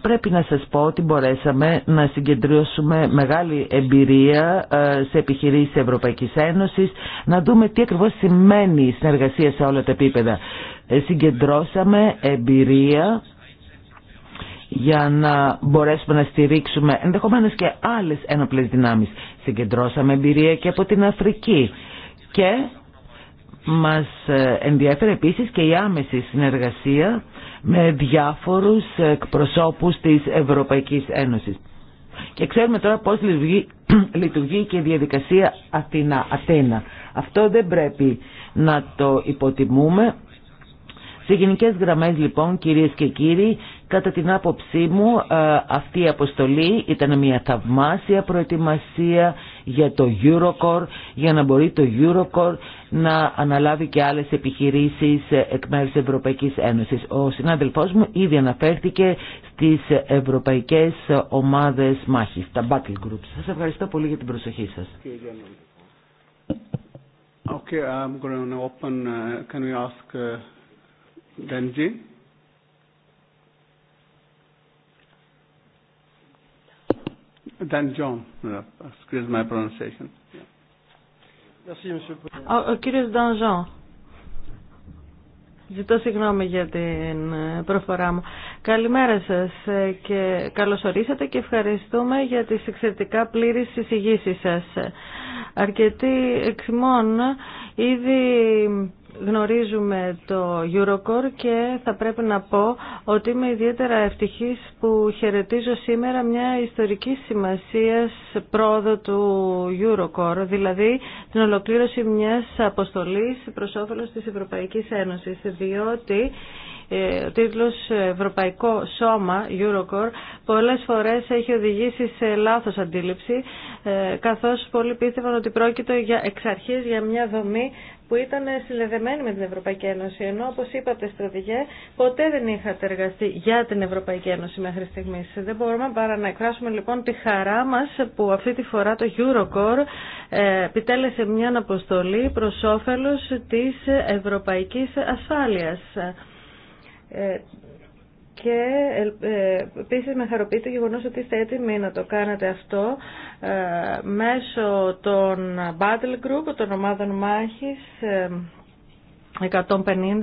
[SPEAKER 3] Πρέπει να σας πω ότι μπορέσαμε να συγκεντρώσουμε μεγάλη εμπειρία σε επιχειρήσεις Ευρωπαϊκής Ένωσης, να δούμε τι ακριβώς σημαίνει η συνεργασία σε όλα τα επίπεδα. Συγκεντρώσαμε εμπειρία για να μπορέσουμε να στηρίξουμε ενδεχομένως και άλλες ένοπλες δυνάμεις. Συγκεντρώσαμε εμπειρία και από την Αφρική και μας ε, ενδιαφέρει επίσης και η άμεση συνεργασία με διάφορους εκπροσώπους της Ευρωπαϊκής Ένωσης. Και ξέρουμε τώρα πώς λειτουργεί και η διαδικασία Αθήνα-Αθήνα. Αυτό δεν πρέπει να το υποτιμούμε. Σε γενικές γραμμές λοιπόν κυρίες και κύριοι Κατά την άποψή μου ε, αυτή η αποστολή ήταν μια θαυμάσια προετοιμασία για το Eurocore, για να μπορεί το Eurocore να αναλάβει και άλλες επιχειρήσεις εκ μέρους της Ευρωπαϊκής Ένωσης. Ο συνάδελφός μου ήδη αναφέρθηκε στις ευρωπαϊκές ομάδες μάχης, τα battle groups. Σας ευχαριστώ πολύ για την προσοχή σας.
[SPEAKER 2] Okay, I'm going to open. Uh, can we ask uh, Dan John. Excuse my
[SPEAKER 1] pronunciation. Ο, ο κύριος John. Ζητώ συγγνώμη για την ε, προφορά μου. Καλημέρα σας ε, και καλώς ορίσατε και ευχαριστούμε για τις εξαιρετικά πλήρεις εισηγήσεις σας. Αρκετοί εξημών ήδη γνωρίζουμε το Eurocore και θα πρέπει να πω ότι είμαι ιδιαίτερα ευτυχής που χαιρετίζω σήμερα μια ιστορική σημασία πρόοδο του Eurocore, δηλαδή την ολοκλήρωση μιας αποστολής προς όφελος της Ευρωπαϊκής Ένωσης, διότι ε, ο τίτλος Ευρωπαϊκό Σώμα, Eurocore, πολλές φορές έχει οδηγήσει σε λάθος αντίληψη, ε, καθώς πολλοί πίστευαν ότι πρόκειται για, εξ αρχής για μια δομή που ήταν συνδεδεμένοι με την Ευρωπαϊκή Ένωση. Ενώ, όπω είπατε, στρατηγέ, ποτέ δεν είχατε εργαστεί για την Ευρωπαϊκή Ένωση μέχρι στιγμή. Δεν μπορούμε παρά να εκφράσουμε λοιπόν τη χαρά μα που αυτή τη φορά το Eurocore ε, επιτέλεσε μια αναποστολή προ όφελο τη ευρωπαϊκή ασφάλεια. Ε, και ε, ε, επίσης με χαροποιεί το γεγονός ότι είστε έτοιμοι να το κάνετε αυτό ε, μέσω των Battle Group, των ομάδων μάχης 150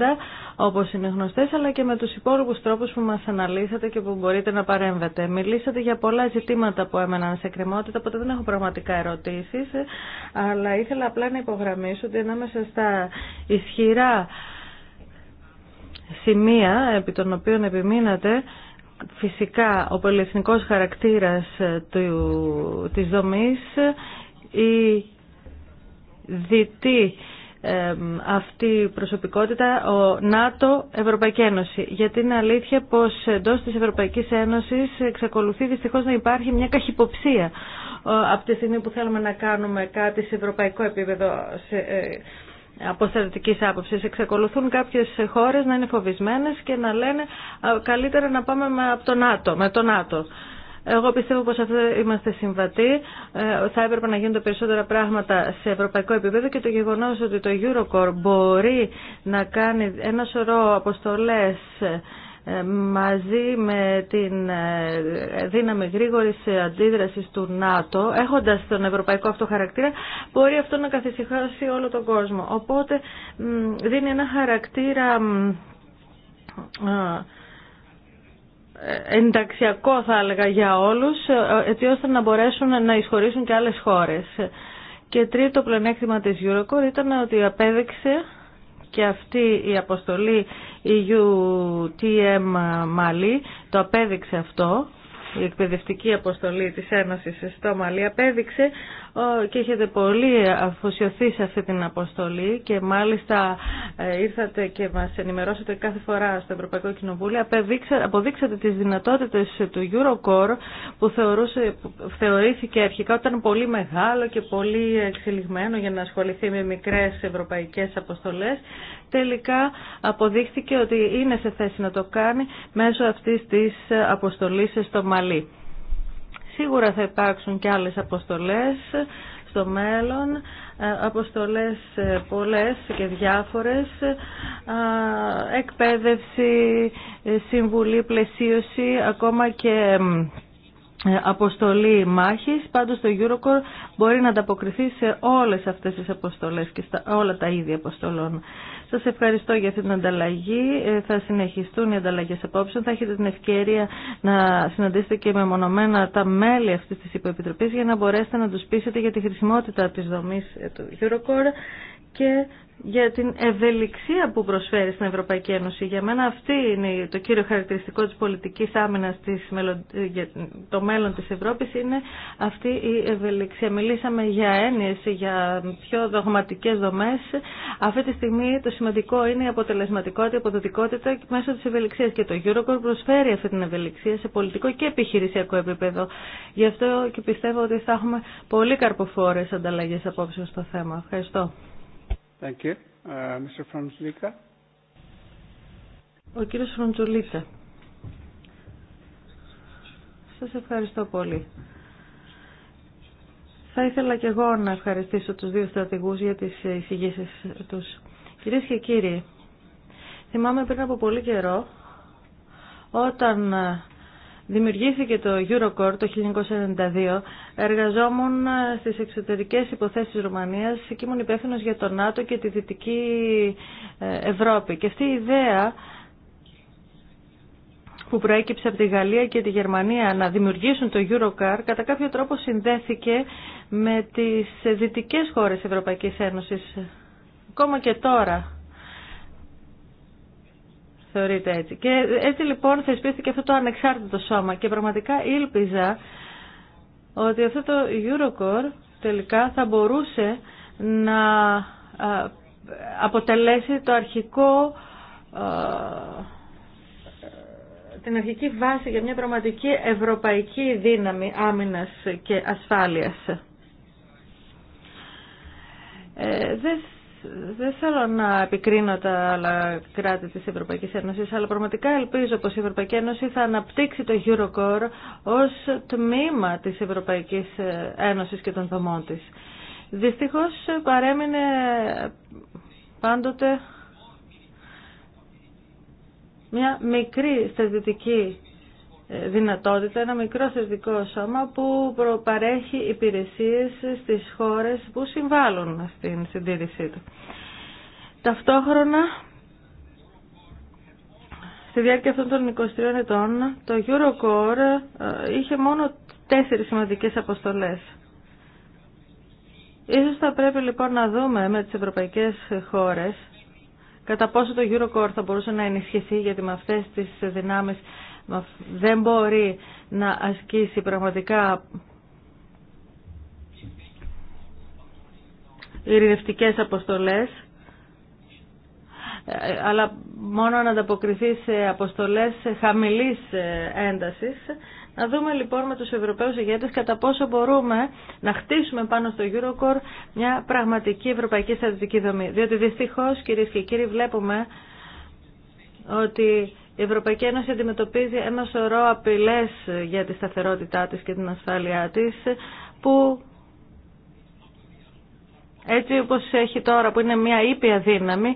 [SPEAKER 1] όπως είναι γνωστές αλλά και με τους υπόλοιπους τρόπους που μας αναλύσατε και που μπορείτε να παρέμβετε. Μιλήσατε για πολλά ζητήματα που έμεναν σε κρεμότητα οπότε δεν έχω πραγματικά ερωτήσεις αλλά ήθελα απλά να υπογραμμίσω ότι ανάμεσα στα ισχυρά σημεία επί των οποίων επιμείνατε φυσικά ο πολυεθνικός χαρακτήρας ε, του, της δομής η διτή αυτή η προσωπικότητα ο ΝΑΤΟ Ευρωπαϊκή Ένωση. Γιατί είναι αλήθεια πως εντός της Ευρωπαϊκής Ένωσης εξακολουθεί δυστυχώς να υπάρχει μια καχυποψία ε, από τη στιγμή που θέλουμε να κάνουμε κάτι σε ευρωπαϊκό επίπεδο ε, από στρατητική άποψη. Εξακολουθούν κάποιες χώρε να είναι φοβισμένες και να λένε καλύτερα να πάμε με, από το ΝΑΤΟ, με το ΝΑΤΟ. Εγώ πιστεύω πως αυτό είμαστε συμβατοί. Ε, θα έπρεπε να γίνονται περισσότερα πράγματα σε ευρωπαϊκό επίπεδο και το γεγονός ότι το EuroCorp μπορεί να κάνει ένα σωρό αποστολές ε, μαζί με την ε, δύναμη γρήγορης αντίδρασης του ΝΑΤΟ, έχοντας τον ευρωπαϊκό αυτό χαρακτήρα, μπορεί αυτό να καθησυχάσει όλο τον κόσμο. Οπότε δίνει ένα χαρακτήρα ε, ενταξιακό θα έλεγα για όλους, ε, έτσι ώστε να μπορέσουν να εισχωρήσουν και άλλες χώρες. Και τρίτο πλεονέκτημα της Eurocore ήταν ότι απέδειξε και αυτή η αποστολή η UTM Μαλή το απέδειξε αυτό. Η εκπαιδευτική αποστολή της Ένωσης στο Μαλή απέδειξε και έχετε πολύ αφοσιωθεί σε αυτή την αποστολή και μάλιστα ε, ήρθατε και μας ενημερώσατε κάθε φορά στο Ευρωπαϊκό Κοινοβούλιο. Αποδείξατε τις δυνατότητες του Eurocore που θεωρούσε, θεωρήθηκε αρχικά όταν πολύ μεγάλο και πολύ εξελιγμένο για να ασχοληθεί με μικρές ευρωπαϊκές αποστολές. Τελικά αποδείχθηκε ότι είναι σε θέση να το κάνει μέσω αυτής της αποστολής στο Μαλί. Σίγουρα θα υπάρξουν και άλλες αποστολές στο μέλλον, ε, αποστολές ε, πολλές και διάφορες, ε, εκπαίδευση, συμβουλή, πλαισίωση, ακόμα και ε, αποστολή μάχης, πάντως το Eurocore μπορεί να ανταποκριθεί σε όλες αυτές τις αποστολές και στα όλα τα ίδια αποστολών. Σας ευχαριστώ για αυτή την ανταλλαγή. Ε, θα συνεχιστούν οι ανταλλαγές απόψε. Θα έχετε την ευκαιρία να συναντήσετε και μεμονωμένα τα μέλη αυτής της υποεπιτροπής για να μπορέσετε να τους πείσετε για τη χρησιμότητα της δομής ε, του Eurocore και για την ευελιξία που προσφέρει στην Ευρωπαϊκή Ένωση. Για μένα αυτή είναι το κύριο χαρακτηριστικό της πολιτικής άμυνας της για το μέλλον της Ευρώπης είναι αυτή η ευελιξία. Μιλήσαμε για έννοιες, για πιο δογματικές δομές. Αυτή τη στιγμή το σημαντικό είναι η αποτελεσματικότητα, η αποδοτικότητα μέσω της ευελιξίας και το EuroCorp προσφέρει αυτή την ευελιξία σε πολιτικό και επιχειρησιακό επίπεδο. Γι' αυτό και πιστεύω ότι θα έχουμε πολύ καρποφόρες ανταλλαγές απόψεων στο θέμα. Ευχαριστώ.
[SPEAKER 2] Thank you. Uh, Mr.
[SPEAKER 1] Ο κύριος Φροντζουλίτσα. Σας ευχαριστώ πολύ. Θα ήθελα και εγώ να ευχαριστήσω τους δύο στρατηγούς για τις εισηγήσεις τους. Κυρίε και κύριοι, θυμάμαι πριν από πολύ καιρό όταν ε, Δημιουργήθηκε το Eurocore το 1992. Εργαζόμουν στις εξωτερικές υποθέσεις Ρουμανίας και ήμουν υπεύθυνο για το ΝΑΤΟ και τη Δυτική ε, Ευρώπη. Και αυτή η ιδέα που προέκυψε από τη Γαλλία και τη Γερμανία να δημιουργήσουν το Eurocar κατά κάποιο τρόπο συνδέθηκε με τις δυτικές χώρες Ευρωπαϊκής Ένωσης. Ακόμα και τώρα θεωρείται έτσι. Και έτσι λοιπόν θεσπίστηκε αυτό το ανεξάρτητο σώμα και πραγματικά ήλπιζα ότι αυτό το Eurocore τελικά θα μπορούσε να αποτελέσει το αρχικό την αρχική βάση για μια πραγματική ευρωπαϊκή δύναμη άμυνας και ασφάλειας. Ε, δεν θέλω να επικρίνω τα άλλα κράτη της Ευρωπαϊκής Ένωσης, αλλά πραγματικά ελπίζω πως η Ευρωπαϊκή Ένωση θα αναπτύξει το Eurocore ως τμήμα της Ευρωπαϊκής Ένωσης και των δομών της. Δυστυχώς παρέμεινε πάντοτε μια μικρή στρατιωτική δυνατότητα ένα μικρό θεσμικό σώμα που παρέχει υπηρεσίες στις χώρες που συμβάλλουν στην συντήρησή του. Ταυτόχρονα, στη διάρκεια αυτών των 23 ετών, το Eurocore ε, είχε μόνο τέσσερις σημαντικές αποστολές. Ίσως θα πρέπει λοιπόν να δούμε με τις ευρωπαϊκές χώρες κατά πόσο το Eurocore θα μπορούσε να ενισχυθεί γιατί με αυτές τις δυνάμεις δεν μπορεί να ασκήσει πραγματικά ειρηνευτικές αποστολές αλλά μόνο να ανταποκριθεί σε αποστολές χαμηλής έντασης. Να δούμε λοιπόν με τους Ευρωπαίους ηγέτες κατά πόσο μπορούμε να χτίσουμε πάνω στο Eurocore μια πραγματική ευρωπαϊκή στρατιωτική δομή. Διότι δυστυχώς κυρίες και κύριοι βλέπουμε ότι η Ευρωπαϊκή Ένωση αντιμετωπίζει ένα σωρό απειλές για τη σταθερότητά της και την ασφάλειά της που έτσι όπως έχει τώρα που είναι μια ήπια δύναμη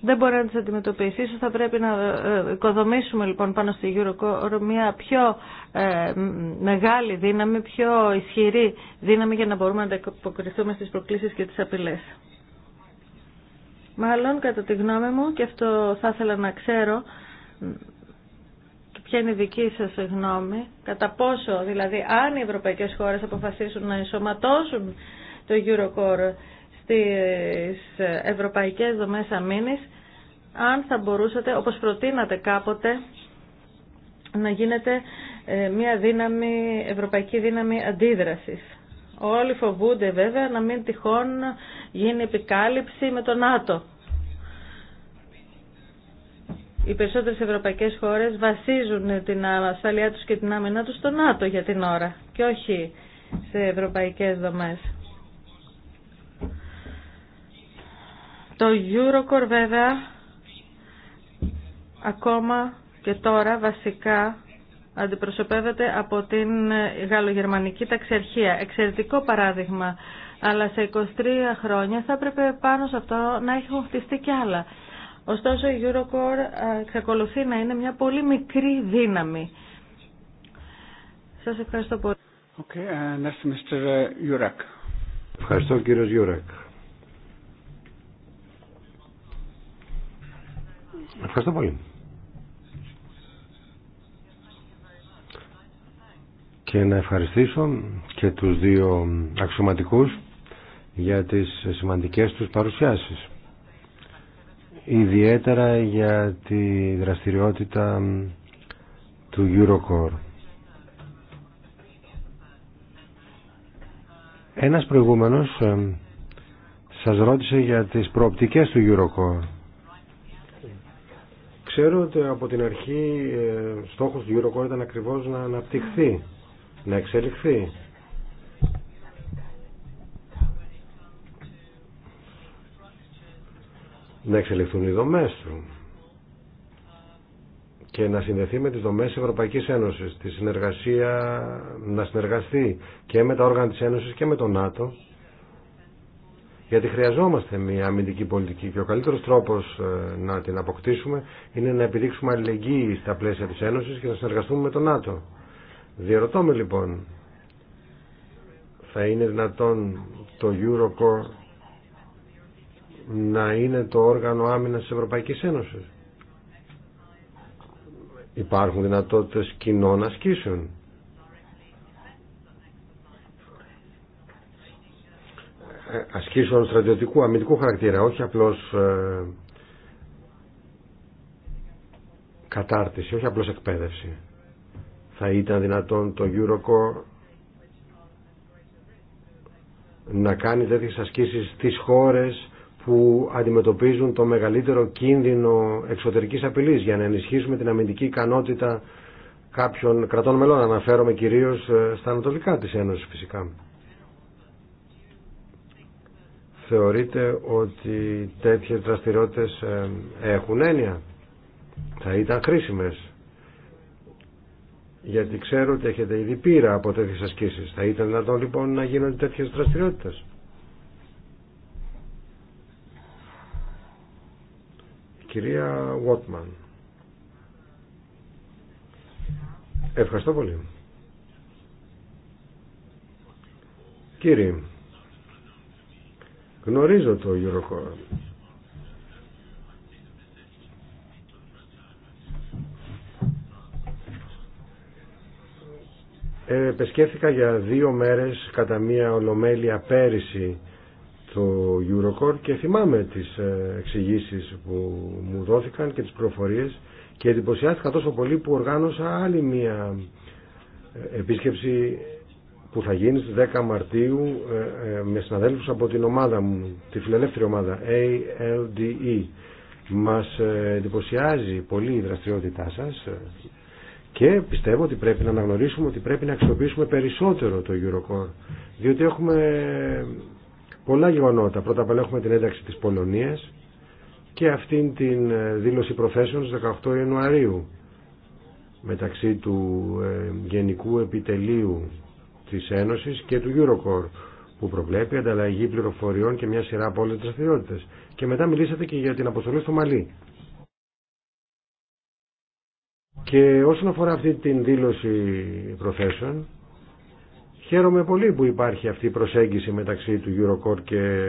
[SPEAKER 1] δεν μπορεί να τις αντιμετωπίσει. Ίσως θα πρέπει να ε, ε, οικοδομήσουμε λοιπόν πάνω στη Eurocore μια πιο ε, μεγάλη δύναμη, πιο ισχυρή δύναμη για να μπορούμε να ανταποκριθούμε στις προκλήσεις και τις απειλές. Μάλλον, κατά τη γνώμη μου, και αυτό θα ήθελα να ξέρω και ποια είναι η δική σας γνώμη, κατά πόσο, δηλαδή, αν οι ευρωπαϊκές χώρες αποφασίσουν να ενσωματώσουν το Eurocore στις ευρωπαϊκές δομές αμήνης, αν θα μπορούσατε, όπως προτείνατε κάποτε, να γίνεται ε, μια δύναμη, ευρωπαϊκή δύναμη αντίδρασης. Όλοι φοβούνται βέβαια να μην τυχόν γίνει επικάλυψη με τον ΝΑΤΟ. Οι περισσότερες ευρωπαϊκές χώρες βασίζουν την ασφαλειά τους και την άμυνά τους στο ΝΑΤΟ για την ώρα και όχι σε ευρωπαϊκές δομές. Το Eurocore βέβαια ακόμα και τώρα βασικά αντιπροσωπεύεται από την γαλλογερμανική ταξιαρχία. Εξαιρετικό παράδειγμα. Αλλά σε 23 χρόνια θα έπρεπε πάνω σε αυτό να έχουν χτιστεί κι άλλα. Ωστόσο η Eurocore εξακολουθεί να είναι μια πολύ μικρή δύναμη. Σας ευχαριστώ πολύ. Okay, Mr. Uh,
[SPEAKER 2] ευχαριστώ κύριο Γιούρακ. Ευχαριστώ πολύ. και να ευχαριστήσω και τους δύο αξιωματικούς για τις σημαντικές τους παρουσιάσεις. Ιδιαίτερα για τη δραστηριότητα του Eurocore. Ένας προηγούμενος ε, σας ρώτησε για τις προοπτικές του Eurocore. Ξέρω ότι από την αρχή ε, στόχος του Eurocore ήταν ακριβώς να αναπτυχθεί να εξελιχθεί. Να εξελιχθούν οι δομές του και να συνδεθεί με τις δομές της Ευρωπαϊκής Ένωσης, τη συνεργασία, να συνεργαστεί και με τα όργανα της Ένωσης και με το ΝΑΤΟ, γιατί χρειαζόμαστε μια αμυντική πολιτική και ο καλύτερος τρόπος ε, να την αποκτήσουμε είναι να επιδείξουμε αλληλεγγύη στα πλαίσια της Ένωσης και να συνεργαστούμε με το ΝΑΤΟ. Διερωτώ λοιπόν, θα είναι δυνατόν το Eurocore να είναι το όργανο άμυνας της Ευρωπαϊκής Ένωσης. Υπάρχουν δυνατότητες κοινών ασκήσεων. Ασκήσεων στρατιωτικού αμυντικού χαρακτήρα, όχι απλώς ε, κατάρτιση, όχι απλώς εκπαίδευση. Θα ήταν δυνατόν το Eurocore να κάνει τέτοιες ασκήσεις στις χώρες που αντιμετωπίζουν το μεγαλύτερο κίνδυνο εξωτερικής απειλής για να ενισχύσουμε την αμυντική ικανότητα κάποιων κρατών μελών. Αναφέρομαι κυρίως ε, στα ανατολικά της Ένωσης φυσικά. Θεωρείτε ότι τέτοιες δραστηριότητες ε, έχουν έννοια. Θα ήταν χρήσιμες γιατί ξέρω ότι έχετε ήδη πείρα από τέτοιες ασκήσεις. Θα ήταν δυνατόν λοιπόν να γίνονται τέτοιες δραστηριότητες. κυρία Βότμαν. Ευχαριστώ πολύ. Κύριε, γνωρίζω το Eurocore Ε, Επισκέφθηκα για δύο μέρες κατά μία ολομέλεια πέρυσι το Eurocore και θυμάμαι τις ε, εξηγήσει που μου δόθηκαν και τις προφορίες και εντυπωσιάστηκα τόσο πολύ που οργάνωσα άλλη μία ε, επίσκεψη που θα γίνει στις 10 Μαρτίου με συναδέλφους από την ομάδα μου, τη φιλελεύθερη ομάδα ALDE. Μας εντυπωσιάζει πολύ η δραστηριότητά σας και πιστεύω ότι πρέπει να αναγνωρίσουμε ότι πρέπει να αξιοποιήσουμε περισσότερο το Eurocore. Διότι έχουμε πολλά γεγονότα. Πρώτα απ' όλα έχουμε την ένταξη της Πολωνίας και αυτήν την ε, δήλωση προθέσεων στις 18 Ιανουαρίου μεταξύ του ε, Γενικού Επιτελείου της Ένωσης και του Eurocore που προβλέπει ανταλλαγή πληροφοριών και μια σειρά από όλες τις δραστηριότητε. Και μετά μιλήσατε και για την αποστολή στο Μαλί. Και όσον αφορά αυτή την δήλωση προθέσεων, χαίρομαι πολύ που υπάρχει αυτή η προσέγγιση μεταξύ του EuroCorp και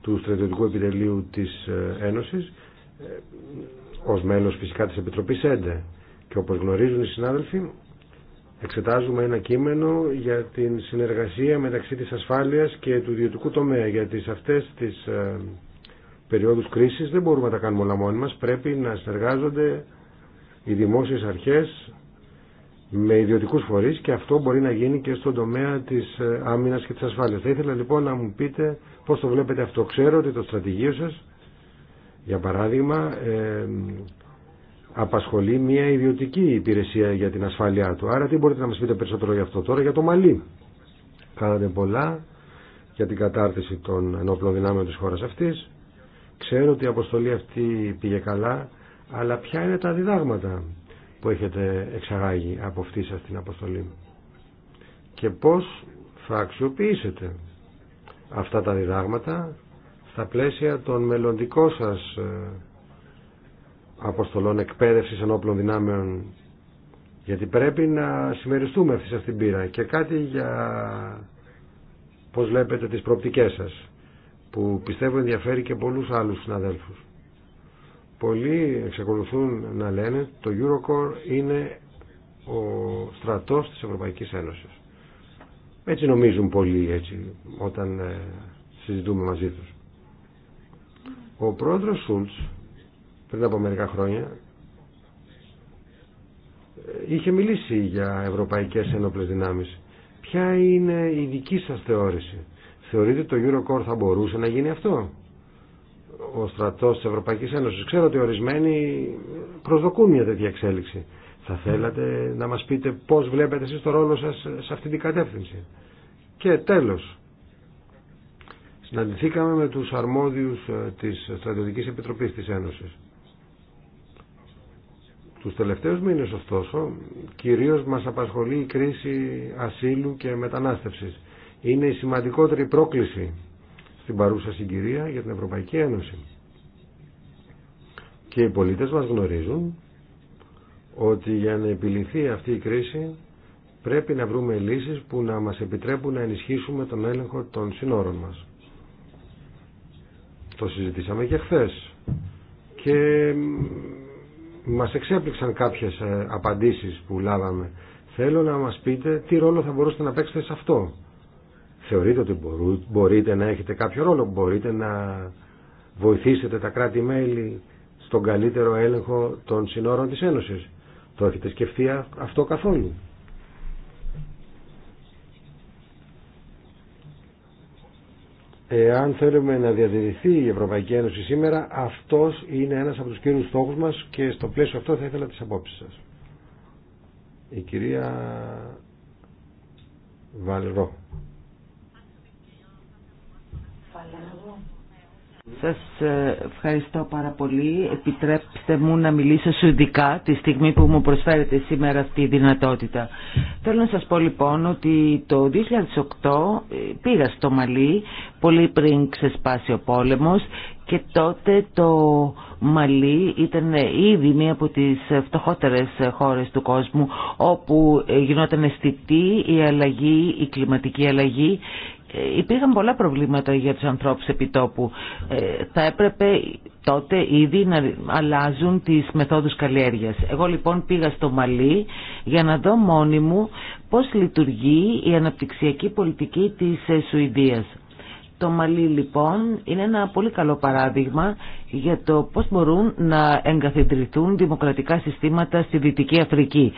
[SPEAKER 2] του στρατιωτικού επιτελείου της ε, Ένωσης ε, ως μέλος φυσικά της Επιτροπής ΕΝΤΕ. Και όπως γνωρίζουν οι συνάδελφοι, εξετάζουμε ένα κείμενο για την συνεργασία μεταξύ της ασφάλειας και του ιδιωτικού τομέα. Γιατί σε αυτές τις ε, περιόδους κρίσης δεν μπορούμε να τα κάνουμε όλα μόνοι μας. Πρέπει να συνεργάζονται οι δημόσιες αρχές με ιδιωτικούς φορείς και αυτό μπορεί να γίνει και στον τομέα της ε, άμυνας και της ασφάλειας. Θα ήθελα λοιπόν να μου πείτε πώς το βλέπετε αυτό. Ξέρω ότι το στρατηγείο σας, για παράδειγμα, ε, απασχολεί μια ιδιωτική υπηρεσία για την ασφάλειά του. Άρα τι μπορείτε να μας πείτε περισσότερο για αυτό τώρα, για το Μαλί. Κάνατε πολλά για την κατάρτιση των ενόπλων δυνάμεων της χώρας αυτής. Ξέρω ότι η αποστολή αυτή πήγε καλά αλλά ποια είναι τα διδάγματα που έχετε εξαγάγει από αυτή σας την αποστολή και πώς θα αξιοποιήσετε αυτά τα διδάγματα στα πλαίσια των μελλοντικών σας ε, αποστολών εκπαίδευσης ενόπλων δυνάμεων γιατί πρέπει να συμμεριστούμε αυτή σας την πείρα και κάτι για πώς βλέπετε τις προπτικές σας που πιστεύω ενδιαφέρει και πολλούς άλλους συναδέλφους. Πολλοί εξακολουθούν να λένε το Eurocore είναι ο στρατός της Ευρωπαϊκής Ένωσης. Έτσι νομίζουν πολλοί έτσι, όταν ε, συζητούμε μαζί τους. Ο πρόεδρος Σούλτς πριν από μερικά χρόνια είχε μιλήσει για ευρωπαϊκές ενόπλες δυνάμεις. Ποια είναι η δική σας θεώρηση. Θεωρείτε το Eurocore θα μπορούσε να γίνει αυτό ο στρατός της Ευρωπαϊκής Ένωσης. Ξέρω ότι ορισμένοι προσδοκούν μια τέτοια εξέλιξη. Θα θέλατε να μας πείτε πώς βλέπετε εσείς το ρόλο σας σε αυτή την κατεύθυνση. Και τέλος, συναντηθήκαμε με τους αρμόδιους ε, της Στρατιωτικής Επιτροπής της Ένωσης. Τους τελευταίους μήνες ωστόσο, κυρίως μας απασχολεί η κρίση ασύλου και μετανάστευσης. Είναι η σημαντικότερη πρόκληση στην παρούσα συγκυρία για την Ευρωπαϊκή Ένωση. Και οι πολίτες μας γνωρίζουν ότι για να επιληθεί αυτή η κρίση πρέπει να βρούμε λύσεις που να μας επιτρέπουν να ενισχύσουμε τον έλεγχο των συνόρων μας. Το συζητήσαμε και χθε. Και μας εξέπληξαν κάποιες ε, απαντήσεις που λάβαμε. Θέλω να μας πείτε τι ρόλο θα μπορούσατε να παίξετε σε αυτό. Θεωρείτε ότι μπορείτε να έχετε κάποιο ρόλο, μπορείτε να βοηθήσετε τα κράτη-μέλη στον καλύτερο έλεγχο των συνόρων της Ένωσης. Το έχετε σκεφτεί αυτό καθόλου. Εάν θέλουμε να διατηρηθεί η Ευρωπαϊκή Ένωση σήμερα, αυτός είναι ένας από τους κύριους στόχους μας και στο πλαίσιο αυτό θα ήθελα τις απόψεις σας. Η κυρία Βαλρό.
[SPEAKER 3] Σας ε, ευχαριστώ πάρα πολύ. Επιτρέψτε μου να μιλήσω σου ειδικά τη στιγμή που μου προσφέρετε σήμερα αυτή η δυνατότητα. Θέλω να σας πω λοιπόν ότι το 2008 ε, πήγα στο Μαλί πολύ πριν ξεσπάσει ο πόλεμος και τότε το Μαλί ήταν ε, ήδη μία από τις φτωχότερες χώρες του κόσμου όπου γινόταν αισθητή η αλλαγή, η κλιματική αλλαγή υπήρχαν πολλά προβλήματα για τους ανθρώπους επιτόπου. Ε, θα έπρεπε τότε ήδη να αλλάζουν τις μεθόδους καλλιέργειας. Εγώ λοιπόν πήγα στο Μαλί για να δω μόνη μου πώς λειτουργεί η αναπτυξιακή πολιτική της ε, Σουηδίας. Το Μαλί λοιπόν είναι ένα πολύ καλό παράδειγμα για το πώς μπορούν να εγκαθιδρυθούν δημοκρατικά συστήματα στη Δυτική Αφρική.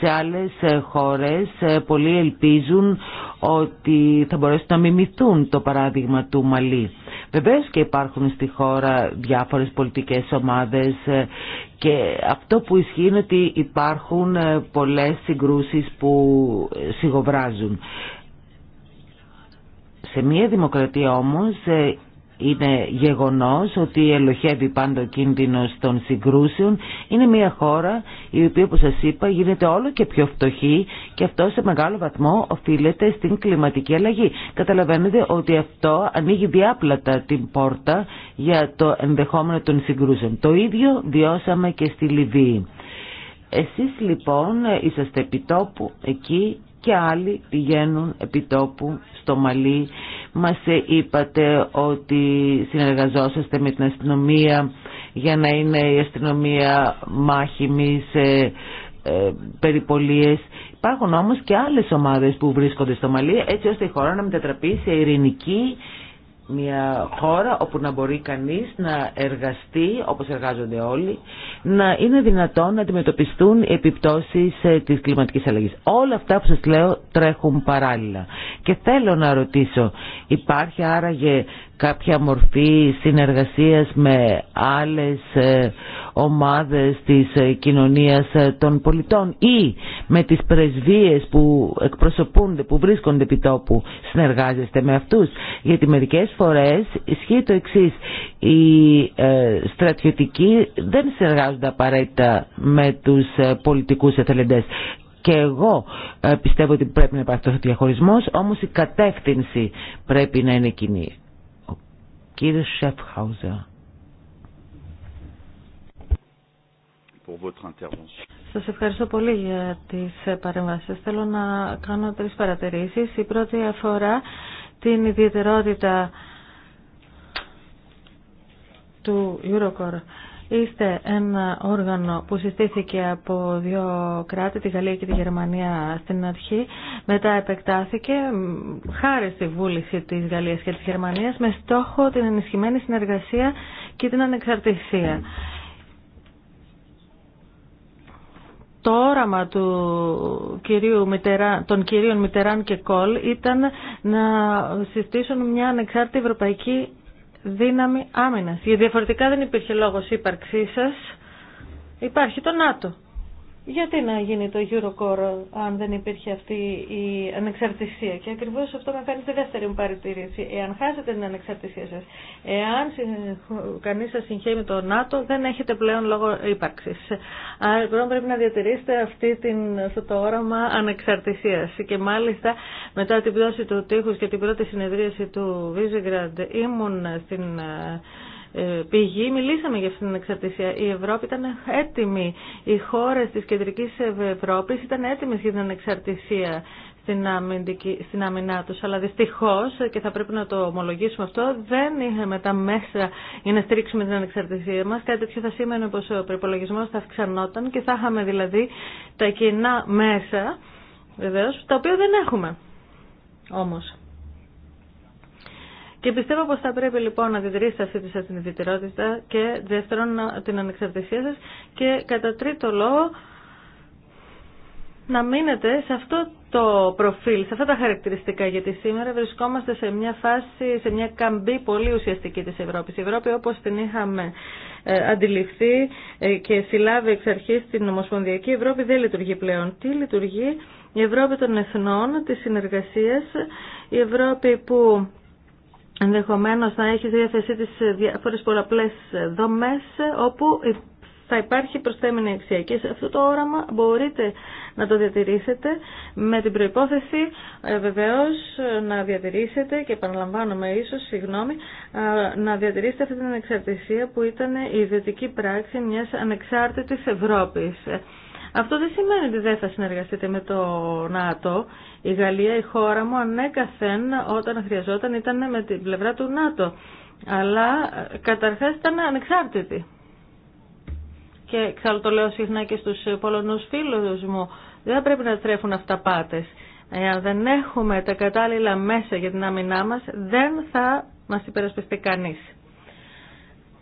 [SPEAKER 3] Σε άλλες ε, χώρες ε, πολλοί ελπίζουν ότι θα μπορέσουν να μιμηθούν το παράδειγμα του Μαλή. Βεβαίως και υπάρχουν στη χώρα διάφορες πολιτικές ομάδες ε, και αυτό που ισχύει είναι ότι υπάρχουν πολλές συγκρούσεις που σιγοβράζουν. Σε μια δημοκρατία όμως ε, είναι γεγονός ότι ελοχεύει πάντα ο κίνδυνος των συγκρούσεων. Είναι μια χώρα η οποία όπως σας είπα γίνεται όλο και πιο φτωχή και αυτό σε μεγάλο βαθμό οφείλεται στην κλιματική αλλαγή. Καταλαβαίνετε ότι αυτό ανοίγει διάπλατα την πόρτα για το ενδεχόμενο των συγκρούσεων. Το ίδιο βιώσαμε και στη Λιβύη. Εσείς λοιπόν είσαστε επιτόπου εκεί και άλλοι πηγαίνουν επί τόπου στο Μαλί. Μας ε, είπατε ότι συνεργαζόσαστε με την αστυνομία για να είναι η αστυνομία μάχημη σε ε, περιπολίες. Υπάρχουν όμως και άλλες ομάδες που βρίσκονται στο Μαλί έτσι ώστε η χώρα να μετατραπεί σε ειρηνική μια χώρα όπου να μπορεί κανείς να εργαστεί όπως εργάζονται όλοι, να είναι δυνατόν να αντιμετωπιστούν οι επιπτώσεις ε, της κλιματικής αλλαγής. Όλα αυτά που σας λέω τρέχουν παράλληλα. Και θέλω να ρωτήσω, υπάρχει άραγε κάποια μορφή συνεργασίας με άλλες ε, ομάδες της ε, κοινωνίας ε, των πολιτών ή με τις πρεσβείες που εκπροσωπούνται, που βρίσκονται επί τόπου, συνεργάζεστε με αυτούς. Γιατί μερικές φορές ισχύει το εξής, οι στρατιωτικοί δεν συνεργάζονται απαραίτητα με τους πολιτικούς εθελεντές. Και εγώ πιστεύω ότι πρέπει να υπάρχει αυτό ο διαχωρισμός, όμως η κατεύθυνση πρέπει να είναι κοινή. Κύριε Σεφχάουζερ.
[SPEAKER 1] Σας ευχαριστώ πολύ για τι παρεμβάσει. Θέλω να κάνω τρει παρατηρήσει. Η πρώτη αφορά την ιδιαιτερότητα του Eurocore. Είστε ένα όργανο που συστήθηκε από δύο κράτη, τη Γαλλία και τη Γερμανία στην αρχή. Μετά επεκτάθηκε χάρη στη βούληση της Γαλλίας και της Γερμανίας με στόχο την ενισχυμένη συνεργασία και την ανεξαρτησία. το όραμα του κυρίου των κυρίων Μητεράν και Κολ ήταν να συστήσουν μια ανεξάρτητη ευρωπαϊκή δύναμη άμυνας. Γιατί διαφορετικά δεν υπήρχε λόγος ύπαρξής σας. Υπάρχει το ΝΑΤΟ. Γιατί να γίνει το Eurocore αν δεν υπήρχε αυτή η ανεξαρτησία. Και ακριβώς αυτό με κάνει τη δεύτερη μου παρατήρηση. Εάν χάσετε την ανεξαρτησία σας, εάν κανείς σας συγχαίει με το ΝΑΤΟ, δεν έχετε πλέον λόγο ύπαρξης. Άρα λοιπόν, πρέπει να διατηρήσετε αυτή την, αυτό το όραμα ανεξαρτησία. Και μάλιστα μετά την πτώση του τείχους και την πρώτη συνεδρίαση του Βίζεγκραντ ήμουν στην ε, ε, πηγή. Μιλήσαμε για αυτήν την εξαρτησία. Η Ευρώπη ήταν έτοιμη. Οι χώρες της κεντρικής Ευρώπης ήταν έτοιμες για την ανεξαρτησία στην, στην αμυνά τους. Αλλά δυστυχώς, και θα πρέπει να το ομολογήσουμε αυτό, δεν είχαμε τα μέσα για να στηρίξουμε την ανεξαρτησία μας. Κάτι τέτοιο θα σήμαινε πως ο προπολογισμό θα αυξανόταν και θα είχαμε δηλαδή τα κοινά μέσα, βεβαίως, τα οποία δεν έχουμε όμως. Και πιστεύω πως θα πρέπει λοιπόν να διδρύσετε αυτή τη σας και δεύτερον την ανεξαρτησία σας και κατά τρίτο λόγο να μείνετε σε αυτό το προφίλ, σε αυτά τα χαρακτηριστικά, γιατί σήμερα βρισκόμαστε σε μια φάση, σε μια καμπή πολύ ουσιαστική της Ευρώπης. Η Ευρώπη όπως την είχαμε ε, αντιληφθεί ε, και συλλάβει εξ αρχής την Ομοσπονδιακή Ευρώπη δεν λειτουργεί πλέον. Τι λειτουργεί η Ευρώπη των Εθνών, της συνεργασία, η Ευρώπη που ενδεχομένως να έχει διάθεσή τις διάφορες πολλαπλές δομές όπου θα υπάρχει προσθέμενη αξία και σε αυτό το όραμα μπορείτε να το διατηρήσετε με την προϋπόθεση ε, βεβαίω να διατηρήσετε και επαναλαμβάνομαι ίσως, συγγνώμη, να διατηρήσετε αυτή την εξαρτησία που ήταν η ιδιωτική πράξη μιας ανεξάρτητης Ευρώπης. Αυτό δεν σημαίνει ότι δεν θα συνεργαστείτε με το ΝΑΤΟ. Η Γαλλία, η χώρα μου, ανέκαθεν όταν χρειαζόταν ήταν με την πλευρά του ΝΑΤΟ. Αλλά καταρχάς ήταν ανεξάρτητη. Και ξαλώ το λέω συχνά και στους Πολωνούς φίλους μου, δεν πρέπει να τρέφουν αυταπάτες. Εάν δεν έχουμε τα κατάλληλα μέσα για την άμυνά μας, δεν θα μας υπερασπιστεί κανείς.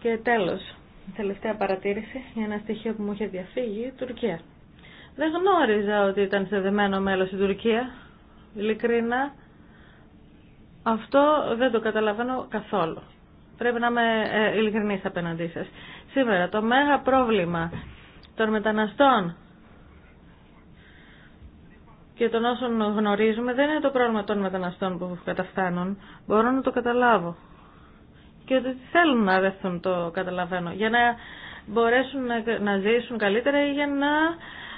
[SPEAKER 1] Και τέλος, τελευταία παρατήρηση για ένα στοιχείο που μου είχε διαφύγει, η Τουρκία. Δεν γνώριζα ότι ήταν δεμένο μέλος η Τουρκία. Ειλικρινά, αυτό δεν το καταλαβαίνω καθόλου. Πρέπει να είμαι ε, ειλικρινής απέναντί σας. Σήμερα το μέγα πρόβλημα των μεταναστών και των όσων γνωρίζουμε δεν είναι το πρόβλημα των μεταναστών που καταφτάνουν. Μπορώ να το καταλάβω. Και ότι θέλουν να δεθούν το καταλαβαίνω. Για να μπορέσουν να ζήσουν καλύτερα ή για να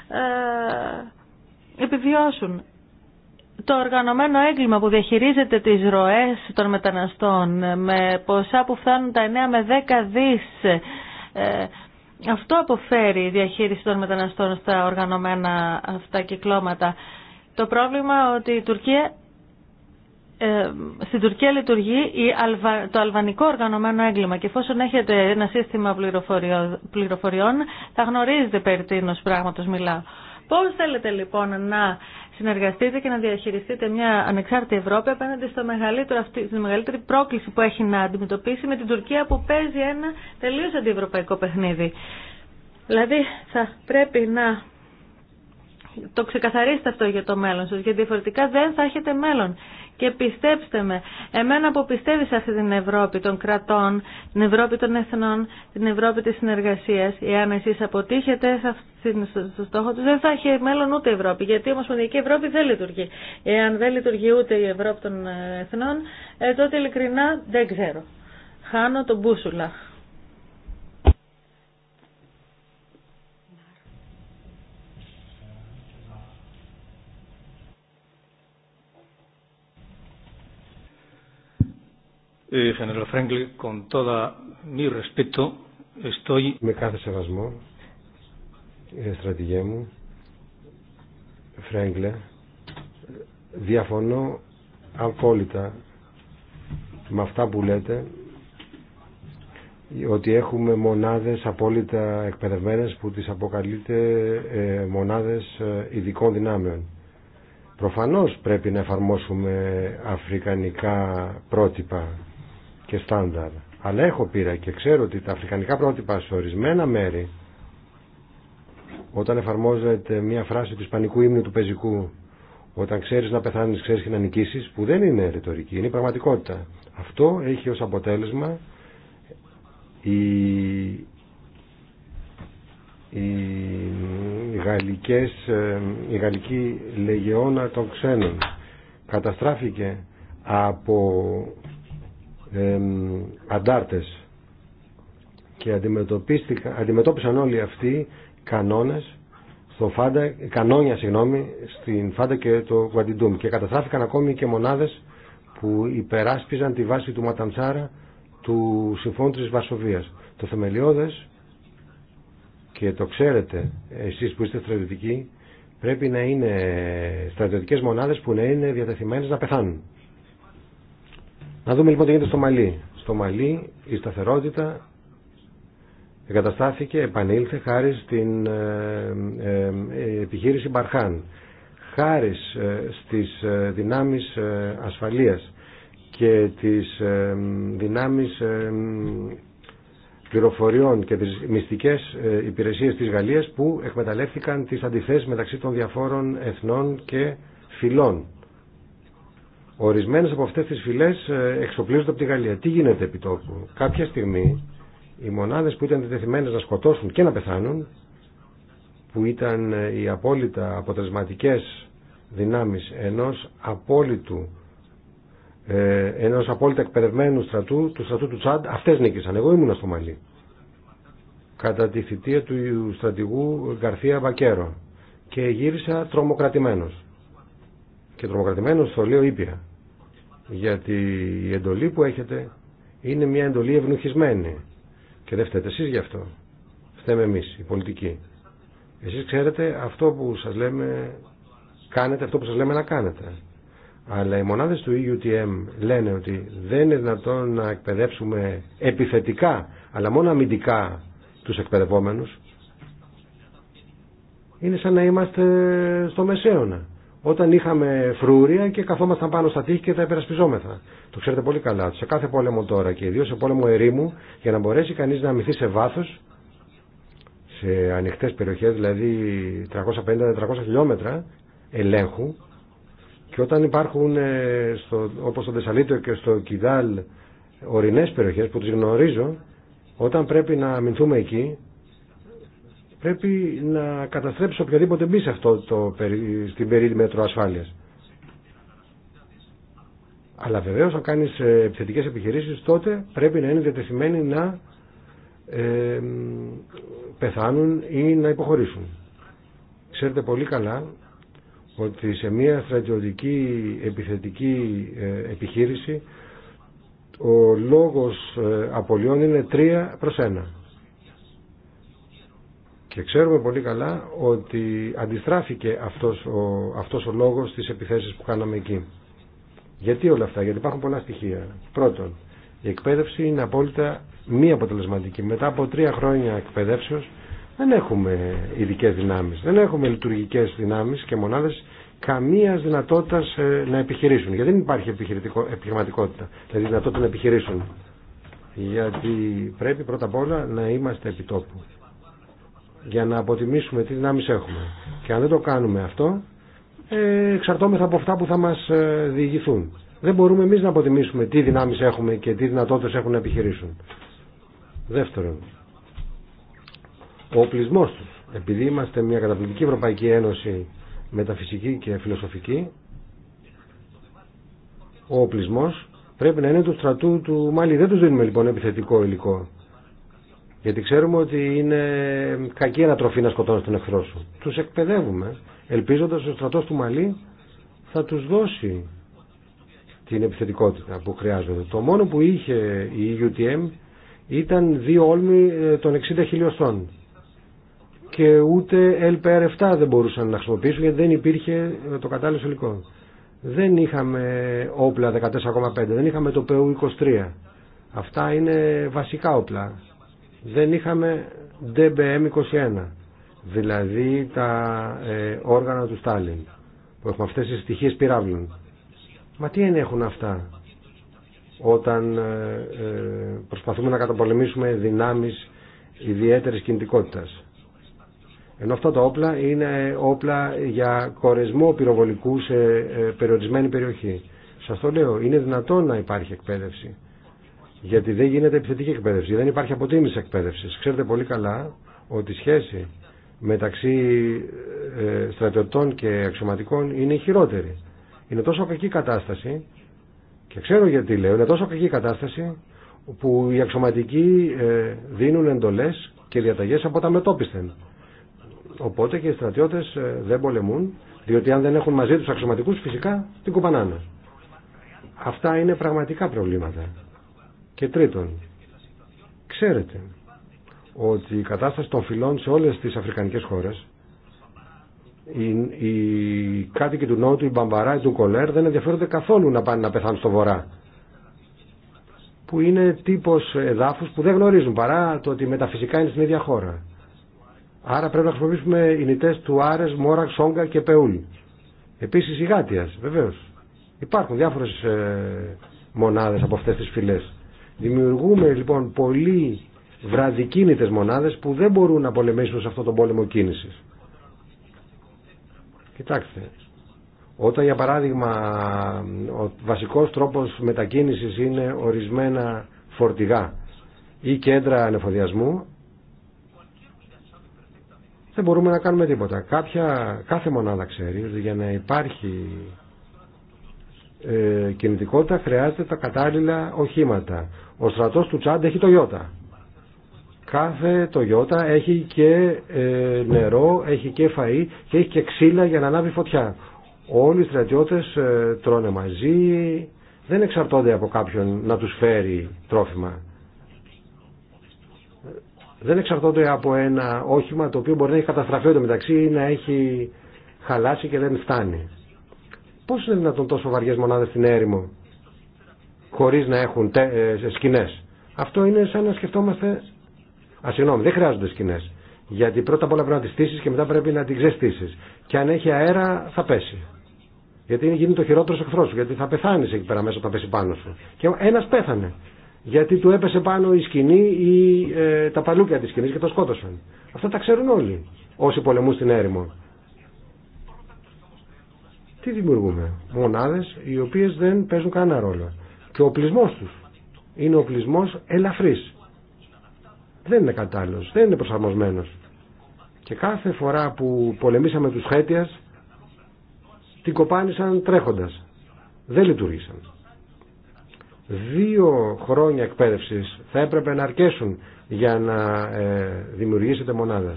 [SPEAKER 1] ε, επιβιώσουν. Το οργανωμένο έγκλημα που διαχειρίζεται τις ροές των μεταναστών ε, με ποσά που φτάνουν τα 9 με 10 δις ε, αυτό αποφέρει η διαχείριση των μεταναστών στα οργανωμένα αυτά κυκλώματα. Το πρόβλημα ότι η Τουρκία ε, στην Τουρκία λειτουργεί το αλβανικό οργανωμένο έγκλημα και εφόσον έχετε ένα σύστημα πληροφοριών θα γνωρίζετε περί τίνος πράγματος μιλάω. Πώς θέλετε λοιπόν να συνεργαστείτε και να διαχειριστείτε μια ανεξάρτητη Ευρώπη απέναντι στο μεγαλύτερο, αυτή, στη μεγαλύτερη πρόκληση που έχει να αντιμετωπίσει με την Τουρκία που παίζει ένα τελείως αντιευρωπαϊκό παιχνίδι. Δηλαδή θα πρέπει να το ξεκαθαρίστε αυτό για το μέλλον σας, γιατί διαφορετικά δεν θα έχετε μέλλον. Και πιστέψτε με, εμένα που πιστεύει σε αυτή την Ευρώπη των κρατών, την Ευρώπη των εθνών, την Ευρώπη της συνεργασίας, εάν εσείς αποτύχετε στο στόχο τους, δεν θα έχει μέλλον ούτε η Ευρώπη, γιατί η Ομοσπονδιακή Ευρώπη δεν λειτουργεί. Εάν δεν λειτουργεί ούτε η Ευρώπη των εθνών, ε, τότε ειλικρινά δεν ξέρω. Χάνω τον μπούσουλα.
[SPEAKER 2] General ε, Με κάθε σεβασμό, ε, στρατηγέ μου, Φρέγκλε, διαφωνώ απόλυτα με αυτά που λέτε ότι έχουμε μονάδες απόλυτα εκπαιδευμένες που τις αποκαλείται ε, μονάδες ειδικών δυνάμεων. Προφανώς πρέπει να εφαρμόσουμε αφρικανικά πρότυπα και στάνταρ. Αλλά έχω πείρα και ξέρω ότι τα αφρικανικά πρότυπα σε ορισμένα μέρη όταν εφαρμόζεται μια φράση του ισπανικού ύμνου του πεζικού όταν ξέρεις να πεθάνεις, ξέρεις και να νικήσεις που δεν είναι ρητορική, είναι πραγματικότητα. Αυτό έχει ως αποτέλεσμα η οι, γαλλικές, ε, η γαλλική λεγεώνα των ξένων καταστράφηκε από αντάρτες και αντιμετώπισαν όλοι αυτοί κανόνες στο Φάντα, κανόνια συγγνώμη, στην Φάντα και το Γουαντιντούμ και καταστράφηκαν ακόμη και μονάδες που υπεράσπιζαν τη βάση του Ματαντσάρα του Συμφώνου της Βασοβίας. Το θεμελιώδες και το ξέρετε εσείς που είστε στρατιωτικοί πρέπει να είναι στρατιωτικές μονάδες που να είναι διατεθειμένες να πεθάνουν. Να δούμε λοιπόν τι γίνεται στο Μαλί. Στο Μαλί η σταθερότητα εγκαταστάθηκε, επανήλθε χάρη στην ε, ε, ε, επιχείρηση Μπαρχάν. Χάρη στις δυνάμεις ασφαλείας και τις δυνάμεις πληροφοριών και τις μυστικές υπηρεσίες της Γαλλίας που εκμεταλλεύτηκαν τις αντιθέσεις μεταξύ των διαφόρων εθνών και φυλών. Ορισμένες από αυτές τις φυλές ε, εξοπλίζονται από τη Γαλλία. Τι γίνεται επί τόπου. Κάποια στιγμή οι μονάδες που ήταν διτεθειμένε να σκοτώσουν και να πεθάνουν, που ήταν ε, οι απόλυτα αποτελεσματικές δυνάμεις ενός απόλυτου ε, ενός απόλυτα εκπαιδευμένου στρατού, του στρατού του Τσάντ, αυτές νίκησαν. Εγώ ήμουν στο Μαλί. Κατά τη θητεία του στρατηγού Γκαρθία Βακέρο. Και γύρισα τρομοκρατημένος και τρομοκρατημένος το λέω ήπια. Γιατί η εντολή που έχετε είναι μια εντολή ευνουχισμένη. Και δεν φταίτε εσείς γι' αυτό. Φταίμε εμείς, οι πολιτικοί. Εσείς ξέρετε αυτό που σας λέμε κάνετε, αυτό που σας λέμε να κάνετε. Αλλά οι μονάδες του EUTM λένε ότι δεν είναι δυνατόν να εκπαιδεύσουμε επιθετικά, αλλά μόνο αμυντικά τους εκπαιδευόμενους. Είναι σαν να είμαστε στο μεσαίωνα όταν είχαμε φρούρια και καθόμασταν πάνω στα τείχη και τα υπερασπιζόμεθα. Το ξέρετε πολύ καλά. Σε κάθε πόλεμο τώρα και ιδίω σε πόλεμο ερήμου, για να μπορέσει κανεί να αμυθεί σε βάθο, σε ανοιχτέ περιοχέ, δηλαδή 350-400 χιλιόμετρα ελέγχου, και όταν υπάρχουν ε, στο, όπως στο Τεσσαλίτο και στο Κιδάλ ορεινές περιοχές που τις γνωρίζω, όταν πρέπει να αμυνθούμε εκεί, πρέπει να καταστρέψει οποιαδήποτε μπει σε αυτό το, στην περίμετρο ασφάλειας. Αλλά βεβαίω αν κάνεις ε, επιθετικές επιχειρήσεις τότε πρέπει να είναι διατεθειμένοι να ε, πεθάνουν ή να υποχωρήσουν. Ξέρετε πολύ καλά ότι σε μια στρατιωτική επιθετική ε, επιχείρηση ο λόγος απολειών είναι τρία προς ένα και ξέρουμε πολύ καλά ότι αντιστράφηκε αυτός ο, αυτός ο λόγος στις επιθέσεις που κάναμε εκεί. Γιατί όλα αυτά, γιατί υπάρχουν πολλά στοιχεία. Πρώτον, η εκπαίδευση είναι απόλυτα μη αποτελεσματική. Μετά από τρία χρόνια εκπαιδεύσεως δεν έχουμε ειδικέ δυνάμεις, δεν έχουμε λειτουργικές δυνάμεις και μονάδες καμία δυνατότητα ε, να επιχειρήσουν. Γιατί δεν υπάρχει επιχειρηματικότητα, δηλαδή δυνατότητα να επιχειρήσουν. Γιατί πρέπει πρώτα απ' όλα να είμαστε επιτόπου για να αποτιμήσουμε τι δυνάμει έχουμε. Και αν δεν το κάνουμε αυτό, ε, εξαρτώμεθα από αυτά που θα μας ε, διηγηθούν. Δεν μπορούμε εμεί να αποτιμήσουμε τι δυνάμει έχουμε και τι δυνατότητες έχουν να επιχειρήσουν. Δεύτερον, ο οπλισμός του, Επειδή είμαστε μια καταπληκτική Ευρωπαϊκή Ένωση μεταφυσική και φιλοσοφική, ο οπλισμός πρέπει να είναι του στρατού του Μάλι. Δεν του δίνουμε λοιπόν επιθετικό υλικό. Γιατί ξέρουμε ότι είναι κακή ανατροφή να σκοτώνει τον εχθρό σου. Του εκπαιδεύουμε, ελπίζοντα ο στρατό του Μαλή θα του δώσει την επιθετικότητα που χρειάζεται. Το μόνο που είχε η e UTM ήταν δύο όλμοι ε, των 60 χιλιοστών. Και ούτε LPR-7 δεν μπορούσαν να χρησιμοποιήσουν γιατί δεν υπήρχε ε, το κατάλληλο υλικό. Δεν είχαμε όπλα 14,5, δεν είχαμε το PU-23. Αυτά είναι βασικά όπλα δεν είχαμε DBM21, δηλαδή τα ε, όργανα του Στάλιν, που έχουμε αυτές τις στοιχείες πυράβλων. Μα τι ενέχουν αυτά όταν ε, ε, προσπαθούμε να καταπολεμήσουμε δυνάμεις ιδιαίτερης κινητικότητας. Ενώ αυτά τα όπλα είναι όπλα για κορεσμό πυροβολικού σε περιορισμένη περιοχή. Σας το λέω, είναι δυνατόν να υπάρχει εκπαίδευση. Γιατί δεν γίνεται επιθετική εκπαίδευση, δεν υπάρχει αποτίμηση εκπαίδευση. Ξέρετε πολύ καλά ότι η σχέση μεταξύ ε, στρατιωτών και αξιωματικών είναι η χειρότερη. Είναι τόσο κακή κατάσταση, και ξέρω γιατί λέω, είναι τόσο κακή κατάσταση που οι αξιωματικοί ε, δίνουν εντολέ και διαταγέ από τα μετόπισθεν. Οπότε και οι στρατιώτε ε, δεν πολεμούν, διότι αν δεν έχουν μαζί του αξιωματικούς φυσικά την κουπανάνε. Αυτά είναι πραγματικά προβλήματα. Και τρίτον, ξέρετε ότι η κατάσταση των φυλών σε όλες τις αφρικανικές χώρες οι, οι κάτοικοι του Νότου, οι Μπαμπαρά, οι του Κολέρ δεν ενδιαφέρονται καθόλου να πάνε να πεθάνουν στο Βορρά που είναι τύπος εδάφους που δεν γνωρίζουν παρά το ότι μεταφυσικά είναι στην ίδια χώρα. Άρα πρέπει να χρησιμοποιήσουμε οι νητές του Άρες, Μόρα, Σόγκα και Πεούλ. Επίσης η Γάτιας, βεβαίως. Υπάρχουν διάφορες ε, μονάδες από αυτές τις φυλές. Δημιουργούμε λοιπόν πολλοί βραδικίνητες μονάδες που δεν μπορούν να πολεμήσουν σε αυτό τον πόλεμο κίνησης. Κοιτάξτε, όταν για παράδειγμα ο βασικός τρόπος μετακίνησης είναι ορισμένα φορτηγά ή κέντρα ανεφοδιασμού, δεν μπορούμε να κάνουμε τίποτα. Κάποια, κάθε μονάδα ξέρει ότι για να υπάρχει ε, κινητικότητα χρειάζεται τα κατάλληλα οχήματα. Ο στρατός του Τσάντ έχει το Ιώτα. Κάθε το Ιώτα έχει και ε, νερό, έχει και φαΐ και έχει και ξύλα για να ανάβει φωτιά. Όλοι οι στρατιώτες ε, τρώνε μαζί, δεν εξαρτώνται από κάποιον να τους φέρει τρόφιμα. Δεν εξαρτώνται από ένα όχημα το οποίο μπορεί να έχει καταστραφεί το μεταξύ ή να έχει χαλάσει και δεν φτάνει. Πώς είναι δυνατόν τόσο βαριές μονάδες στην έρημο χωρίς να έχουν τε, ε, σκηνές. Αυτό είναι σαν να σκεφτόμαστε... Α, συγγνώμη, δεν χρειάζονται σκηνές. Γιατί πρώτα απ' όλα πρέπει να τις στήσει και μετά πρέπει να την ξεστήσει. Και αν έχει αέρα θα πέσει. Γιατί γίνει το χειρότερο εχθρό σου. Γιατί θα πεθάνεις εκεί πέρα μέσα όταν πέσει πάνω σου. Και ένας πέθανε. Γιατί του έπεσε πάνω η σκηνή ή ε, τα παλούκια της σκηνή και το σκότωσαν. Αυτά τα ξέρουν όλοι όσοι πολεμούν στην έρημο τι δημιουργούμε. Μονάδες οι οποίες δεν παίζουν κανένα ρόλο. Και ο οπλισμός τους είναι οπλισμό οπλισμός ελαφρύς. Δεν είναι κατάλληλο, δεν είναι προσαρμοσμένο. Και κάθε φορά που πολεμήσαμε τους Χέτια, την κοπάνησαν τρέχοντας. Δεν λειτουργήσαν. Δύο χρόνια εκπαίδευση θα έπρεπε να αρκέσουν για να ε, δημιουργήσετε μονάδε.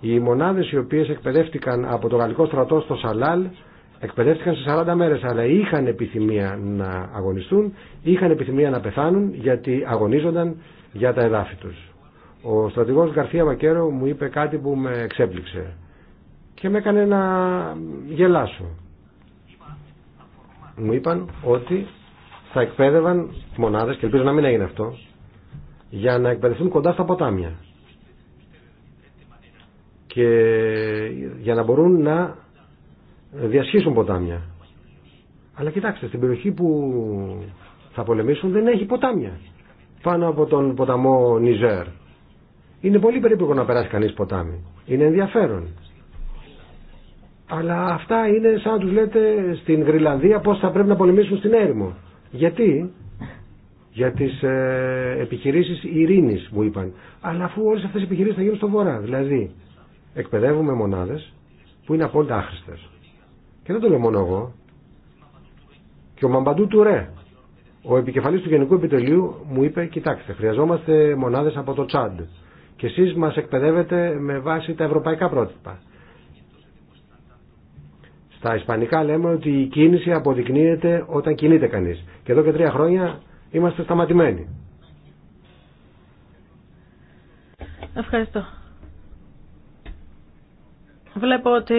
[SPEAKER 2] Οι μονάδε οι οποίε εκπαιδεύτηκαν από το γαλλικό στρατό στο Σαλάλ εκπαιδεύτηκαν σε 40 μέρες αλλά είχαν επιθυμία να αγωνιστούν, είχαν επιθυμία να πεθάνουν γιατί αγωνίζονταν για τα εδάφη τους. Ο στρατηγός Γκαρθία Μακέρο μου είπε κάτι που με εξέπληξε και με έκανε να γελάσω. Μου είπαν ότι θα εκπαίδευαν μονάδες και ελπίζω να μην έγινε αυτό για να εκπαιδευτούν κοντά στα ποτάμια και για να μπορούν να διασχίσουν ποτάμια. Αλλά κοιτάξτε, στην περιοχή που θα πολεμήσουν δεν έχει ποτάμια. Πάνω από τον ποταμό Νιζέρ. Είναι πολύ περίπλοκο να περάσει κανείς ποτάμι. Είναι ενδιαφέρον. Αλλά αυτά είναι σαν να τους λέτε στην Γρυλανδία πώς θα πρέπει να πολεμήσουν στην έρημο. Γιατί? Για τις ε, επιχειρήσεις ειρήνης μου είπαν. Αλλά αφού όλες αυτές οι επιχειρήσεις θα γίνουν στο βορρά. Δηλαδή εκπαιδεύουμε μονάδες που είναι απόλυτα άχρηστες. Και δεν το λέω μόνο εγώ. Και ο Μαμπαντού ρε, ο επικεφαλής του Γενικού Επιτελείου, μου είπε, κοιτάξτε, χρειαζόμαστε μονάδες από το Τσάντ. Και εσείς μας εκπαιδεύετε με βάση τα ευρωπαϊκά πρότυπα. Στα ισπανικά λέμε ότι η κίνηση αποδεικνύεται όταν κινείται κανείς. Και εδώ και τρία χρόνια
[SPEAKER 1] είμαστε σταματημένοι. Ευχαριστώ. Βλέπω ότι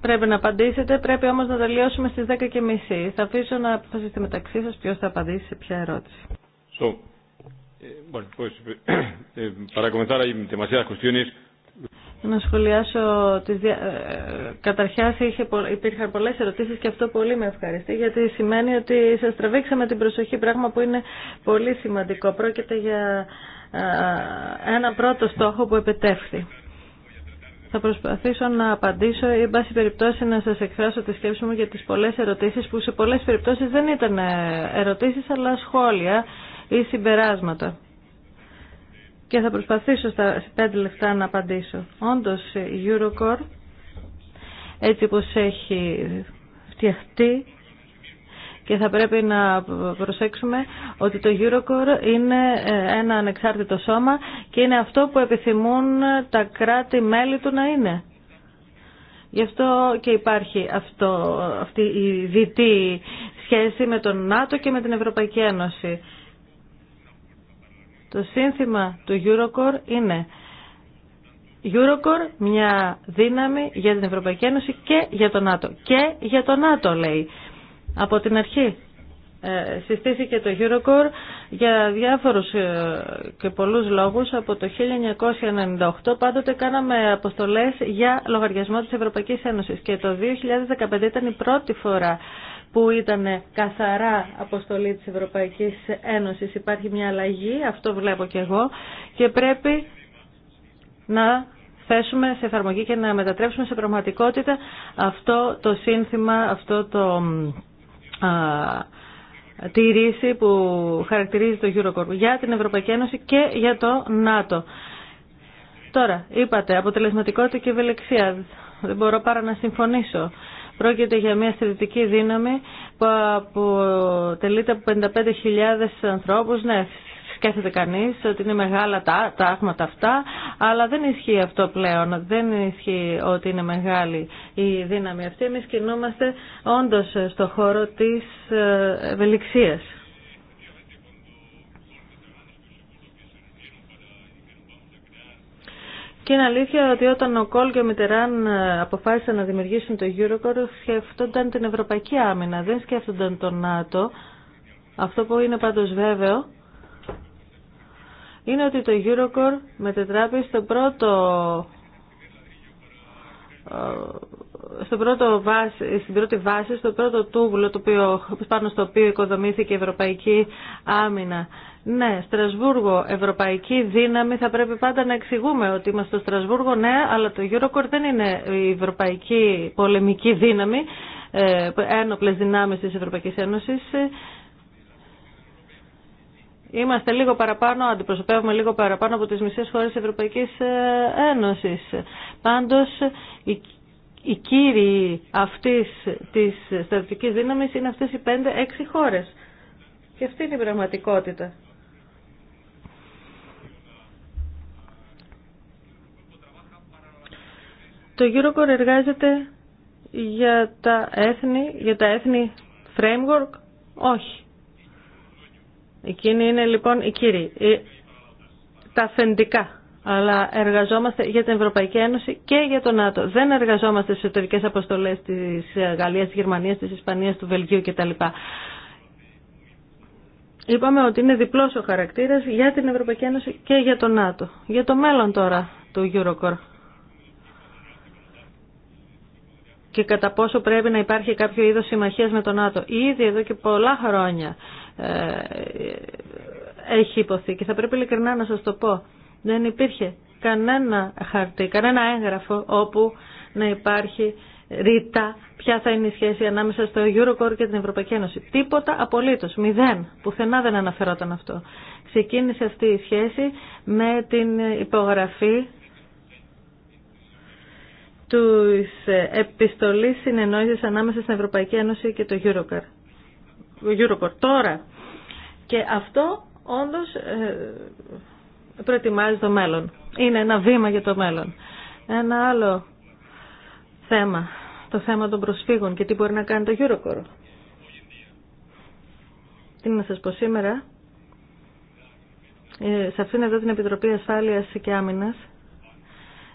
[SPEAKER 1] Πρέπει να απαντήσετε, πρέπει όμως να τελειώσουμε στις 10.30. Θα αφήσω να αποφασίσετε μεταξύ σας ποιος θα απαντήσει σε ποια ερώτηση.
[SPEAKER 2] So, ε, bueno, ε, ε,
[SPEAKER 1] Να σχολιάσω, τις δια... είχε, υπήρχαν πολλές ερωτήσεις και αυτό πολύ με ευχαριστεί γιατί σημαίνει ότι σας τραβήξαμε την προσοχή, πράγμα που είναι πολύ σημαντικό. Πρόκειται για ένα πρώτο στόχο που επετεύχθη. Θα προσπαθήσω να απαντήσω ή, εν πάση περιπτώσει, να σας εκφράσω τη σκέψη μου για τις πολλές ερωτήσεις που σε πολλές περιπτώσεις δεν ήταν ε, ερωτήσεις αλλά σχόλια ή συμπεράσματα. Και θα προσπαθήσω στα πέντε λεπτά να απαντήσω. Όντως, η Eurocore, έτσι όπως έχει φτιαχτεί, και θα πρέπει να προσέξουμε ότι το Eurocore είναι ε, ένα ανεξάρτητο σώμα και είναι αυτό που επιθυμούν τα κράτη-μέλη του να είναι. Γι' αυτό και υπάρχει αυτό, αυτή η διτή σχέση με τον ΝΑΤΟ και με την Ευρωπαϊκή Ένωση. Το σύνθημα του Eurocore είναι Eurocore μια δύναμη για την Ευρωπαϊκή Ένωση και για τον ΝΑΤΟ. Και για τον ΝΑΤΟ λέει από την αρχή. Ε, συστήθηκε το Eurocore για διάφορους ε, και πολλούς λόγους. Από το 1998 πάντοτε κάναμε αποστολές για λογαριασμό της Ευρωπαϊκής Ένωσης και το 2015 ήταν η πρώτη φορά που ήταν καθαρά αποστολή της Ευρωπαϊκής Ένωσης. Υπάρχει μια αλλαγή, αυτό βλέπω και εγώ, και πρέπει να θέσουμε σε εφαρμογή και να μετατρέψουμε σε πραγματικότητα αυτό το σύνθημα, αυτό το τη ρίση που χαρακτηρίζει το Eurocorp για την Ευρωπαϊκή Ένωση και για το ΝΑΤΟ. Τώρα, είπατε, αποτελεσματικότητα και ευελεξία. Δεν μπορώ παρά να συμφωνήσω. Πρόκειται για μια στρατιωτική δύναμη που αποτελείται από 55.000 ανθρώπους. Ναι, Σκέφτεται κανείς ότι είναι μεγάλα τα άγματα αυτά, αλλά δεν ισχύει αυτό πλέον. Δεν ισχύει ότι είναι μεγάλη η δύναμη αυτή. Εμείς κινούμαστε όντως στο χώρο της ε, ευελιξίας. Και είναι αλήθεια ότι όταν ο Κόλ και ο Μιτεράν ε, αποφάσισαν να δημιουργήσουν το Eurocore, σκέφτονταν την Ευρωπαϊκή Άμυνα, δεν σκέφτονταν τον ΝΑΤΟ. Αυτό που είναι πάντως βέβαιο είναι ότι το Eurocore μετετράπει στο πρώτο ε, στο πρώτο βάση, στην πρώτη βάση, στο πρώτο τούβλο το οποίο, πάνω στο οποίο οικοδομήθηκε η Ευρωπαϊκή Άμυνα. Ναι, Στρασβούργο, Ευρωπαϊκή Δύναμη, θα πρέπει πάντα να εξηγούμε ότι είμαστε στο Στρασβούργο, ναι, αλλά το Eurocore δεν είναι η Ευρωπαϊκή Πολεμική Δύναμη, ε, ένοπλες δυνάμεις της Ευρωπαϊκής Ένωσης ε, Είμαστε λίγο παραπάνω, αντιπροσωπεύουμε λίγο παραπάνω από τις μισές χώρες Ευρωπαϊκής ε, Ένωσης. Πάντως, η οι κύριοι αυτής της στρατιωτικής δύναμης είναι αυτές οι 5-6 χώρες. Και αυτή είναι η πραγματικότητα. Το Eurocore εργάζεται για τα έθνη, για τα έθνη framework, όχι. Εκείνοι είναι λοιπόν οι κύριοι, ε, τα αφεντικά. Αλλά εργαζόμαστε για την Ευρωπαϊκή Ένωση και για το ΝΑΤΟ. Δεν εργαζόμαστε στι εσωτερικέ αποστολέ τη Γαλλία, τη Γερμανία, τη Ισπανία, του Βελγίου κτλ. Είπαμε ότι είναι διπλό ο χαρακτήρα για την Ευρωπαϊκή Ένωση και για το ΝΑΤΟ. Για το μέλλον τώρα του Eurocor Και κατά πόσο πρέπει να υπάρχει κάποιο είδο συμμαχία με το ΝΑΤΟ. Ήδη εδώ και πολλά χρόνια ε, έχει υποθεί. Και θα πρέπει ειλικρινά να σας το πω. Δεν υπήρχε κανένα χαρτί, κανένα έγγραφο όπου να υπάρχει ρητά ποια θα είναι η σχέση ανάμεσα στο Eurocore και την Ευρωπαϊκή Ένωση. Τίποτα απολύτως, μηδέν, πουθενά δεν αναφερόταν αυτό. Ξεκίνησε αυτή η σχέση με την υπογραφή του επιστολής συνεννόησης ανάμεσα στην Ευρωπαϊκή Ένωση και το EuroCore. Eurocorp τώρα. Και αυτό όντως ε, προετοιμάζει το μέλλον. Είναι ένα βήμα για το μέλλον. Ένα άλλο θέμα, το θέμα των προσφύγων και τι μπορεί να κάνει το Eurocorp. Τι να σας πω σήμερα, ε, σε αυτήν εδώ την Επιτροπή Ασφάλειας και Άμυνας,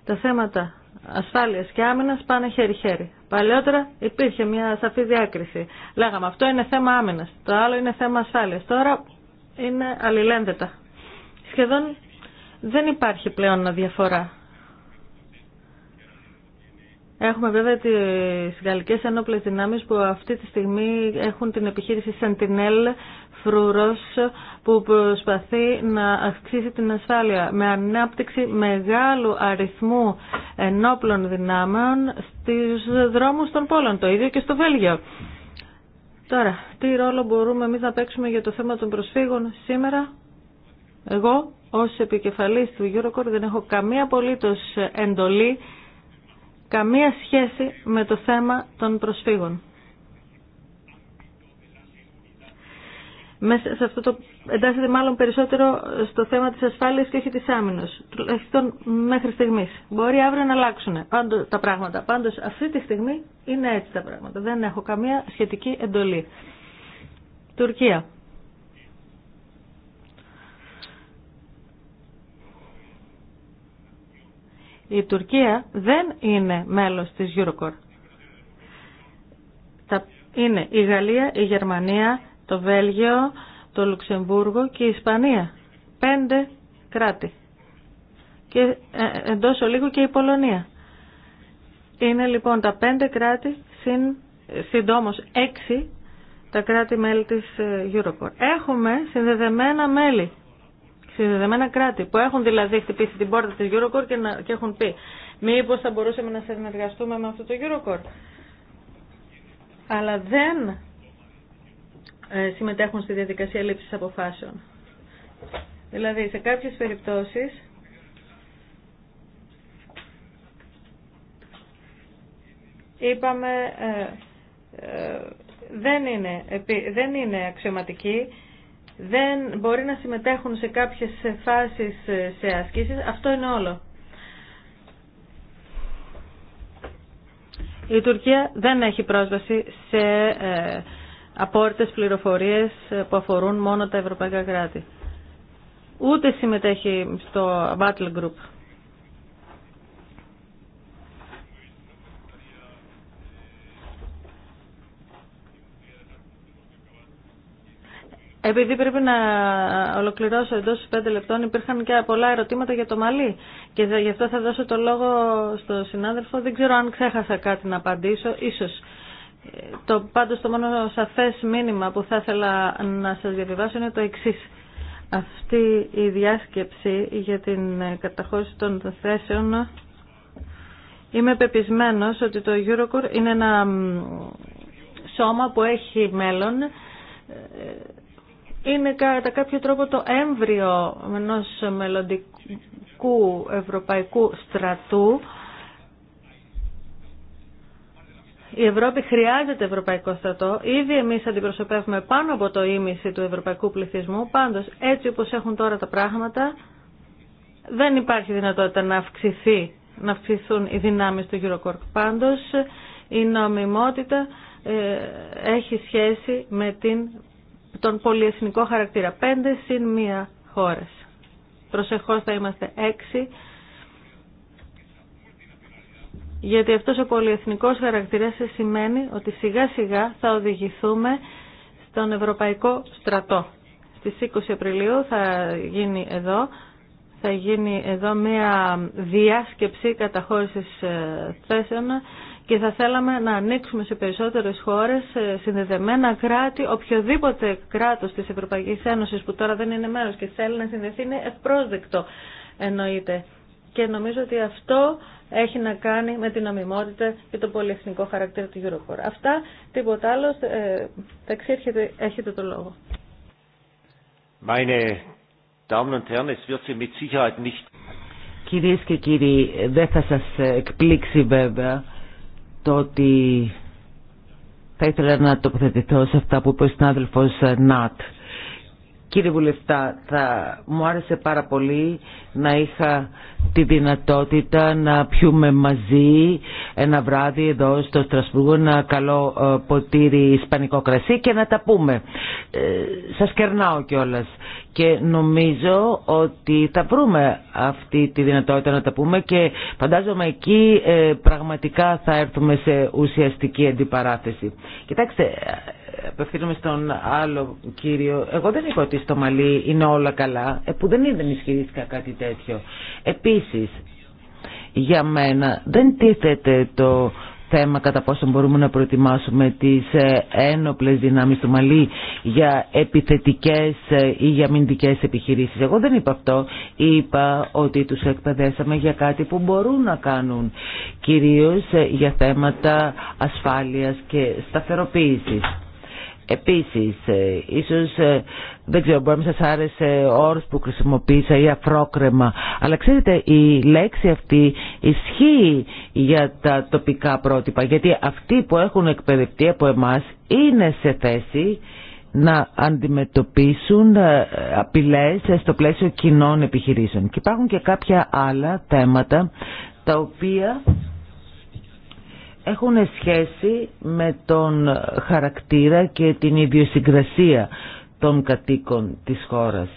[SPEAKER 1] τα θέματα Ασφάλεια και αμυνα πανε πάνε χέρι-χέρι. Παλαιότερα υπήρχε μια σαφή διάκριση. Λέγαμε αυτό είναι θέμα άμυνα, το άλλο είναι θέμα ασφάλεια. Τώρα είναι αλληλένδετα. Σχεδόν δεν υπάρχει πλέον διαφορά. Έχουμε βέβαια τις γαλλικές ενόπλες δυνάμεις που αυτή τη στιγμή έχουν την επιχείρηση Sentinel φρουρός που προσπαθεί να αυξήσει την ασφάλεια με ανάπτυξη μεγάλου αριθμού ενόπλων δυνάμεων στις δρόμους των πόλων, το ίδιο και στο Βέλγιο. Τώρα, τι ρόλο μπορούμε εμείς να παίξουμε για το θέμα των προσφύγων σήμερα. Εγώ, ως επικεφαλής του Eurocorp δεν έχω καμία απολύτως εντολή, καμία σχέση με το θέμα των προσφύγων. μέσα σε αυτό το, εντάσσεται μάλλον περισσότερο στο θέμα της ασφάλειας και όχι της άμυνας, τουλάχιστον μέχρι στιγμής. Μπορεί αύριο να αλλάξουν πάντως, τα πράγματα. Πάντως αυτή τη στιγμή είναι έτσι τα πράγματα. Δεν έχω καμία σχετική εντολή. Τουρκία. Η Τουρκία δεν είναι μέλος της Eurocorp. Είναι η Γαλλία, η Γερμανία, το Βέλγιο, το Λουξεμβούργο και η Ισπανία. Πέντε κράτη. Και ε, εντός ολίγου και η Πολωνία. Είναι λοιπόν τα πέντε κράτη, συν, ε, συντόμως έξι, τα κράτη-μέλη της ε, Europol. Έχουμε συνδεδεμένα μέλη, συνδεδεμένα κράτη, που έχουν δηλαδή χτυπήσει την πόρτα της EuroCorp και, να, και έχουν πει μήπως θα μπορούσαμε να συνεργαστούμε με αυτό το EuroCorp». Αλλά δεν ε, συμμετέχουν στη διαδικασία λήψης αποφάσεων. Δηλαδή, σε κάποιες περιπτώσεις είπαμε ε, ε, δεν είναι, δεν είναι αξιωματική, δεν μπορεί να συμμετέχουν σε κάποιες φάσεις σε ασκήσεις. Αυτό είναι όλο. Η Τουρκία δεν έχει πρόσβαση σε απόρριτες πληροφορίες που αφορούν μόνο τα ευρωπαϊκά κράτη. Ούτε συμμετέχει στο Battle Group. Επειδή πρέπει να ολοκληρώσω εντό πέντε λεπτών, υπήρχαν και πολλά ερωτήματα για το μαλλί. Και γι' αυτό θα δώσω το λόγο στο συνάδελφο. Δεν ξέρω αν ξέχασα κάτι να απαντήσω. Ίσως το, πάντως το μόνο σαφές μήνυμα που θα ήθελα να σας διαβιβάσω είναι το εξής. Αυτή η διάσκεψη για την καταχώρηση των θέσεων είμαι πεπισμένος ότι το Eurocore είναι ένα σώμα που έχει μέλλον είναι κατά κάποιο τρόπο το έμβριο ενός μελλοντικού ευρωπαϊκού στρατού Η Ευρώπη χρειάζεται ευρωπαϊκό στρατό. Ήδη εμεί αντιπροσωπεύουμε πάνω από το ίμιση του ευρωπαϊκού πληθυσμού. Πάντω, έτσι όπω έχουν τώρα τα πράγματα, δεν υπάρχει δυνατότητα να, αυξηθεί, να αυξηθούν οι δυνάμει του Eurocorp. Πάντω, η νομιμότητα ε, έχει σχέση με την, τον πολυεθνικό χαρακτήρα. Πέντε συν μία χώρες. Προσεχώς θα είμαστε έξι γιατί αυτός ο πολυεθνικός χαρακτήρας σημαίνει ότι σιγά σιγά θα οδηγηθούμε στον Ευρωπαϊκό Στρατό. Στις 20 Απριλίου θα γίνει εδώ θα γίνει εδώ μια διάσκεψη καταχώρησης ε, θέσεων και θα θέλαμε να ανοίξουμε σε περισσότερες χώρες ε, συνδεδεμένα κράτη, οποιοδήποτε κράτος της Ευρωπαϊκής Ένωσης που τώρα δεν είναι μέρο και θέλει να συνδεθεί είναι ευπρόσδεκτο εννοείται και νομίζω ότι αυτό έχει να κάνει με την ομιμότητα και τον πολυεθνικό χαρακτήρα του Eurocore. Αυτά, τίποτα άλλο, ε, έρχεται έχετε το λόγο.
[SPEAKER 2] Meine Damen und Herren, es wird mit Sicherheit nicht...
[SPEAKER 3] Κυρίες και κύριοι, δεν θα σας εκπλήξει βέβαια το ότι θα ήθελα να τοποθετηθώ σε αυτά που είπε ο συνάδελφος Νατ. Κύριε Βουλευτά, θα μου άρεσε πάρα πολύ να είχα τη δυνατότητα να πιούμε μαζί ένα βράδυ εδώ στο Στρασβούργο ένα καλό ε, ποτήρι ισπανικό κρασί και να τα πούμε. Ε, σας κερνάω κιόλας και νομίζω ότι θα βρούμε αυτή τη δυνατότητα να τα πούμε και φαντάζομαι εκεί ε, πραγματικά θα έρθουμε σε ουσιαστική αντιπαράθεση. Κοιτάξτε, απευθύνομαι στον άλλο κύριο, εγώ δεν είπα ότι στο Μαλί είναι όλα καλά, ε, που δεν είδε ισχυρίστηκα κάτι τέτοιο. Επίσης, για μένα δεν τίθεται το θέμα κατά πόσο μπορούμε να προετοιμάσουμε τις ε, ένοπλες δυνάμεις του Μαλί για επιθετικές ε, ή για μηντικές επιχειρήσεις. Εγώ δεν είπα αυτό. Είπα ότι τους εκπαιδεύσαμε για κάτι που μπορούν να κάνουν, κυρίως για θέματα ασφάλειας και σταθεροποίησης. Επίσης, ε, ίσως ε, δεν ξέρω μπορεί να σας άρεσε όρος που χρησιμοποίησα ή αφρόκρεμα αλλά ξέρετε η λέξη αυτή ισχύει για τα τοπικά πρότυπα γιατί αυτοί που έχουν εκπαιδευτεί από εμάς είναι σε θέση να αντιμετωπίσουν ε, απειλές στο πλαίσιο κοινών επιχειρήσεων. Και υπάρχουν και κάποια άλλα θέματα τα οποία έχουν σχέση με τον χαρακτήρα και την ιδιοσυγκρασία των κατοίκων της χώρας.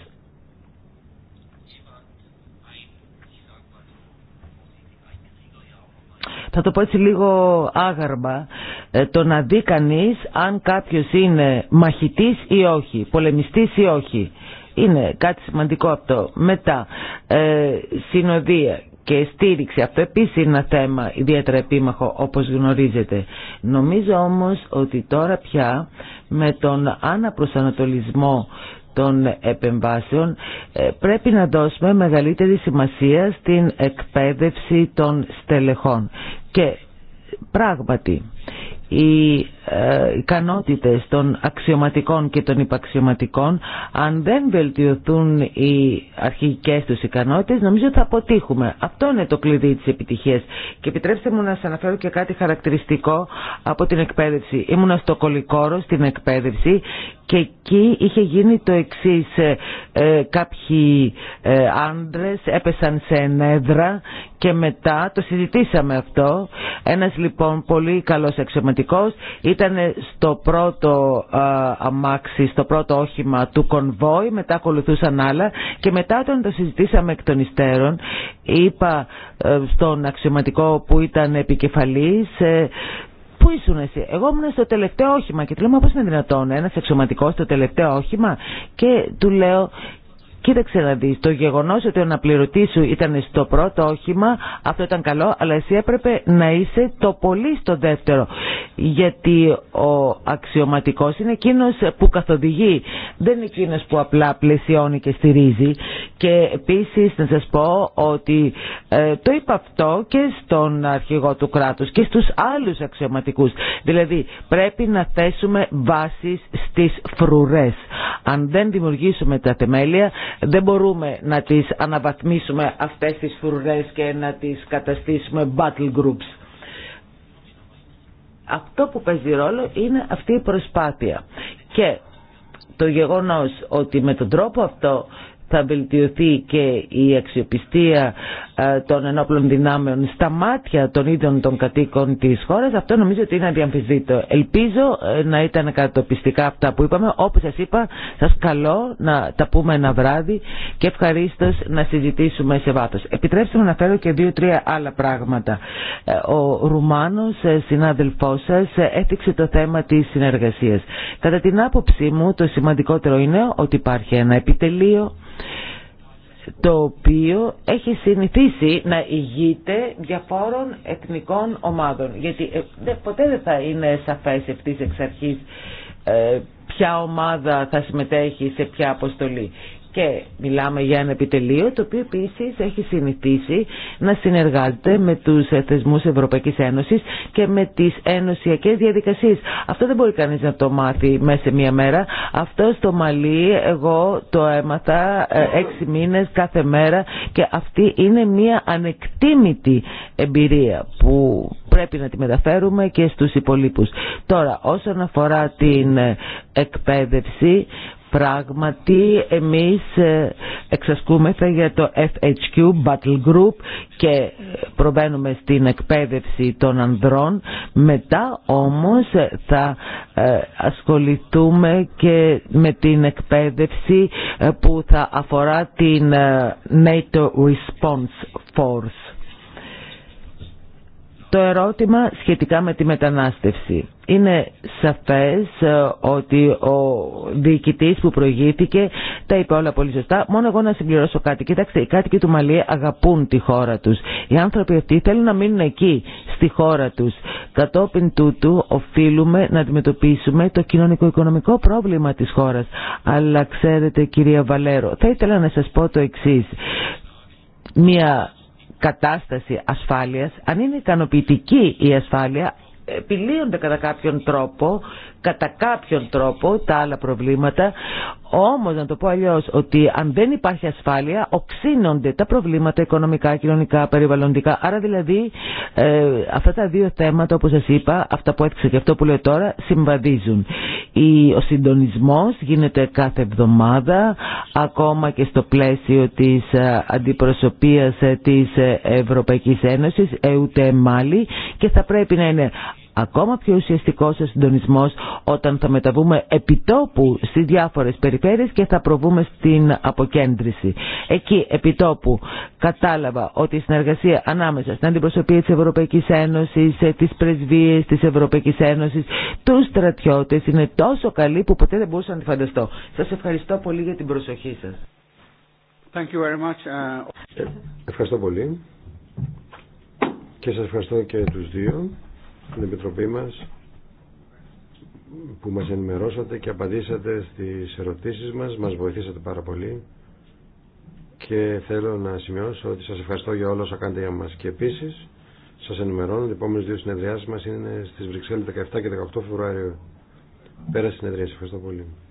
[SPEAKER 3] Θα το πω έτσι λίγο άγαρμα, ε, το να δει κανεί αν κάποιος είναι μαχητής ή όχι, πολεμιστής ή όχι. Είναι κάτι σημαντικό αυτό. Μετά, ε, συνοδεία και στήριξη. Αυτό επίση είναι ένα θέμα ιδιαίτερα επίμαχο όπως γνωρίζετε. Νομίζω όμως ότι τώρα πια με τον αναπροσανατολισμό των επεμβάσεων ε, πρέπει να δώσουμε μεγαλύτερη σημασία στην εκπαίδευση των στελεχών. Και πράγματι η ε, ικανότητες των αξιωματικών και των υπαξιωματικών αν δεν βελτιωθούν οι αρχικές τους ικανότητες νομίζω ότι θα αποτύχουμε. Αυτό είναι το κλειδί της επιτυχίας και επιτρέψτε μου να σας αναφέρω και κάτι χαρακτηριστικό από την εκπαίδευση. Ήμουνα στο Κολικόρο στην εκπαίδευση και εκεί είχε γίνει το εξής, ε, ε κάποιοι ε, άντρες έπεσαν σε ενέδρα και μετά το συζητήσαμε αυτό. Ένας λοιπόν πολύ καλός αξιωματικός ήταν στο πρώτο αμάξι, στο πρώτο όχημα του κονβόι, μετά ακολουθούσαν άλλα και μετά όταν το συζητήσαμε εκ των υστέρων είπα ε, στον αξιωματικό που ήταν επικεφαλής ε, Πού ήσουν εσύ, εγώ ήμουν στο τελευταίο όχημα και του λέω μα πώς είναι δυνατόν ένας αξιωματικός στο τελευταίο όχημα και του λέω Κοίταξε να δει. το γεγονό ότι ο αναπληρωτή σου ήταν στο πρώτο όχημα, αυτό ήταν καλό, αλλά εσύ έπρεπε να είσαι το πολύ στο δεύτερο. Γιατί ο αξιωματικό είναι εκείνο που καθοδηγεί, δεν είναι εκείνο που απλά πλαισιώνει και στηρίζει. Και επίση να σα πω ότι ε, το είπα αυτό και στον αρχηγό του κράτους και στου άλλου αξιωματικού. Δηλαδή πρέπει να θέσουμε βάσεις στι φρουρές. Αν δεν δημιουργήσουμε τα θεμέλια δεν μπορούμε να τις αναβαθμίσουμε αυτές τις φρουρές και να τις καταστήσουμε battle groups. Αυτό που παίζει ρόλο είναι αυτή η προσπάθεια. Και το γεγονός ότι με τον τρόπο αυτό θα βελτιωθεί και η αξιοπιστία ε, των ενόπλων δυνάμεων στα μάτια των ίδιων των κατοίκων της χώρας, αυτό νομίζω ότι είναι αδιαμφισβήτητο. Ελπίζω ε, να ήταν κατοπιστικά αυτά που είπαμε. Όπως σας είπα, σας καλώ να τα πούμε ένα βράδυ και ευχαρίστω να συζητήσουμε σε βάθος. Επιτρέψτε μου να φέρω και δύο-τρία άλλα πράγματα. Ε, ο Ρουμάνος συνάδελφός σας έθιξε το θέμα της συνεργασίας. Κατά την άποψή μου το σημαντικότερο είναι ότι υπάρχει ένα επιτελείο το οποίο έχει συνηθίσει να ηγείται διαφόρων εθνικών ομάδων. Γιατί ε, ποτέ δεν θα είναι σαφές ευθύς εξ αρχής ε, ποια ομάδα θα συμμετέχει σε ποια αποστολή. Και μιλάμε για ένα επιτελείο το οποίο επίση έχει συνηθίσει να συνεργάζεται με του θεσμού Ευρωπαϊκή Ένωση και με τι ενωσιακέ διαδικασίε. Αυτό δεν μπορεί κανεί να το μάθει μέσα μία μέρα. Αυτό στο Μαλί εγώ το έμαθα ε, έξι μήνε κάθε μέρα και αυτή είναι μία ανεκτήμητη εμπειρία που πρέπει να τη μεταφέρουμε και στους υπολείπους. Τώρα όσον αφορά την ε, εκπαίδευση Πράγματι εμείς ε, εξασκούμεθα για το FHQ Battle Group και προβαίνουμε στην εκπαίδευση των ανδρών. Μετά όμως θα ε, ασχοληθούμε και με την εκπαίδευση ε, που θα αφορά την NATO Response Force. Το ερώτημα σχετικά με τη μετανάστευση. Είναι σαφές ε, ότι ο διοικητή που προηγήθηκε τα είπε όλα πολύ σωστά. Μόνο εγώ να συμπληρώσω κάτι. Κοιτάξτε, οι κάτοικοι του Μαλή αγαπούν τη χώρα τους. Οι άνθρωποι αυτοί θέλουν να μείνουν εκεί, στη χώρα τους. Κατόπιν τούτου οφείλουμε να αντιμετωπίσουμε το κοινωνικο-οικονομικό πρόβλημα της χώρας. Αλλά ξέρετε κυρία Βαλέρο, θα ήθελα να σας πω το εξής. Μια κατάσταση ασφάλειας, αν είναι ικανοποιητική η ασφάλεια, ε, επιλύονται κατά κάποιον τρόπο κατά κάποιον τρόπο τα άλλα προβλήματα. Όμως να το πω αλλιώς ότι αν δεν υπάρχει ασφάλεια οξύνονται τα προβλήματα οικονομικά, κοινωνικά, περιβαλλοντικά. Άρα δηλαδή ε, αυτά τα δύο θέματα όπως σας είπα, αυτά που έδειξα και αυτό που λέω τώρα συμβαδίζουν. Η, ο συντονισμός γίνεται κάθε εβδομάδα ακόμα και στο πλαίσιο της ε, αντιπροσωπείας ε, της Ευρωπαϊκής Ένωσης, ούτε μάλι και θα πρέπει να είναι ακόμα πιο ουσιαστικός ο συντονισμός όταν θα μεταβούμε επιτόπου στις διάφορες περιφέρειες και θα προβούμε στην αποκέντρηση. Εκεί επιτόπου κατάλαβα ότι η συνεργασία ανάμεσα στην αντιπροσωπεία της Ευρωπαϊκής Ένωσης, ε, τι πρεσβείες της Ευρωπαϊκής Ένωσης, τους στρατιώτες είναι τόσο καλή που ποτέ δεν μπορούσα να τη φανταστώ. Σας ευχαριστώ πολύ για την προσοχή σας. Thank
[SPEAKER 2] you very much. Ε, ευχαριστώ πολύ και σας ευχαριστώ και τους δύο στην Επιτροπή μας που μας ενημερώσατε και απαντήσατε στις ερωτήσεις μας, μας βοηθήσατε πάρα πολύ και θέλω να σημειώσω ότι σας ευχαριστώ για όλα όσα κάνετε για μας και επίσης σας ενημερώνω ότι οι επόμενες δύο συνεδριάσεις μας είναι στις Βρυξέλλες 17 και 18 Φεβρουάριο. Πέρα συνεδρίες. Ευχαριστώ πολύ.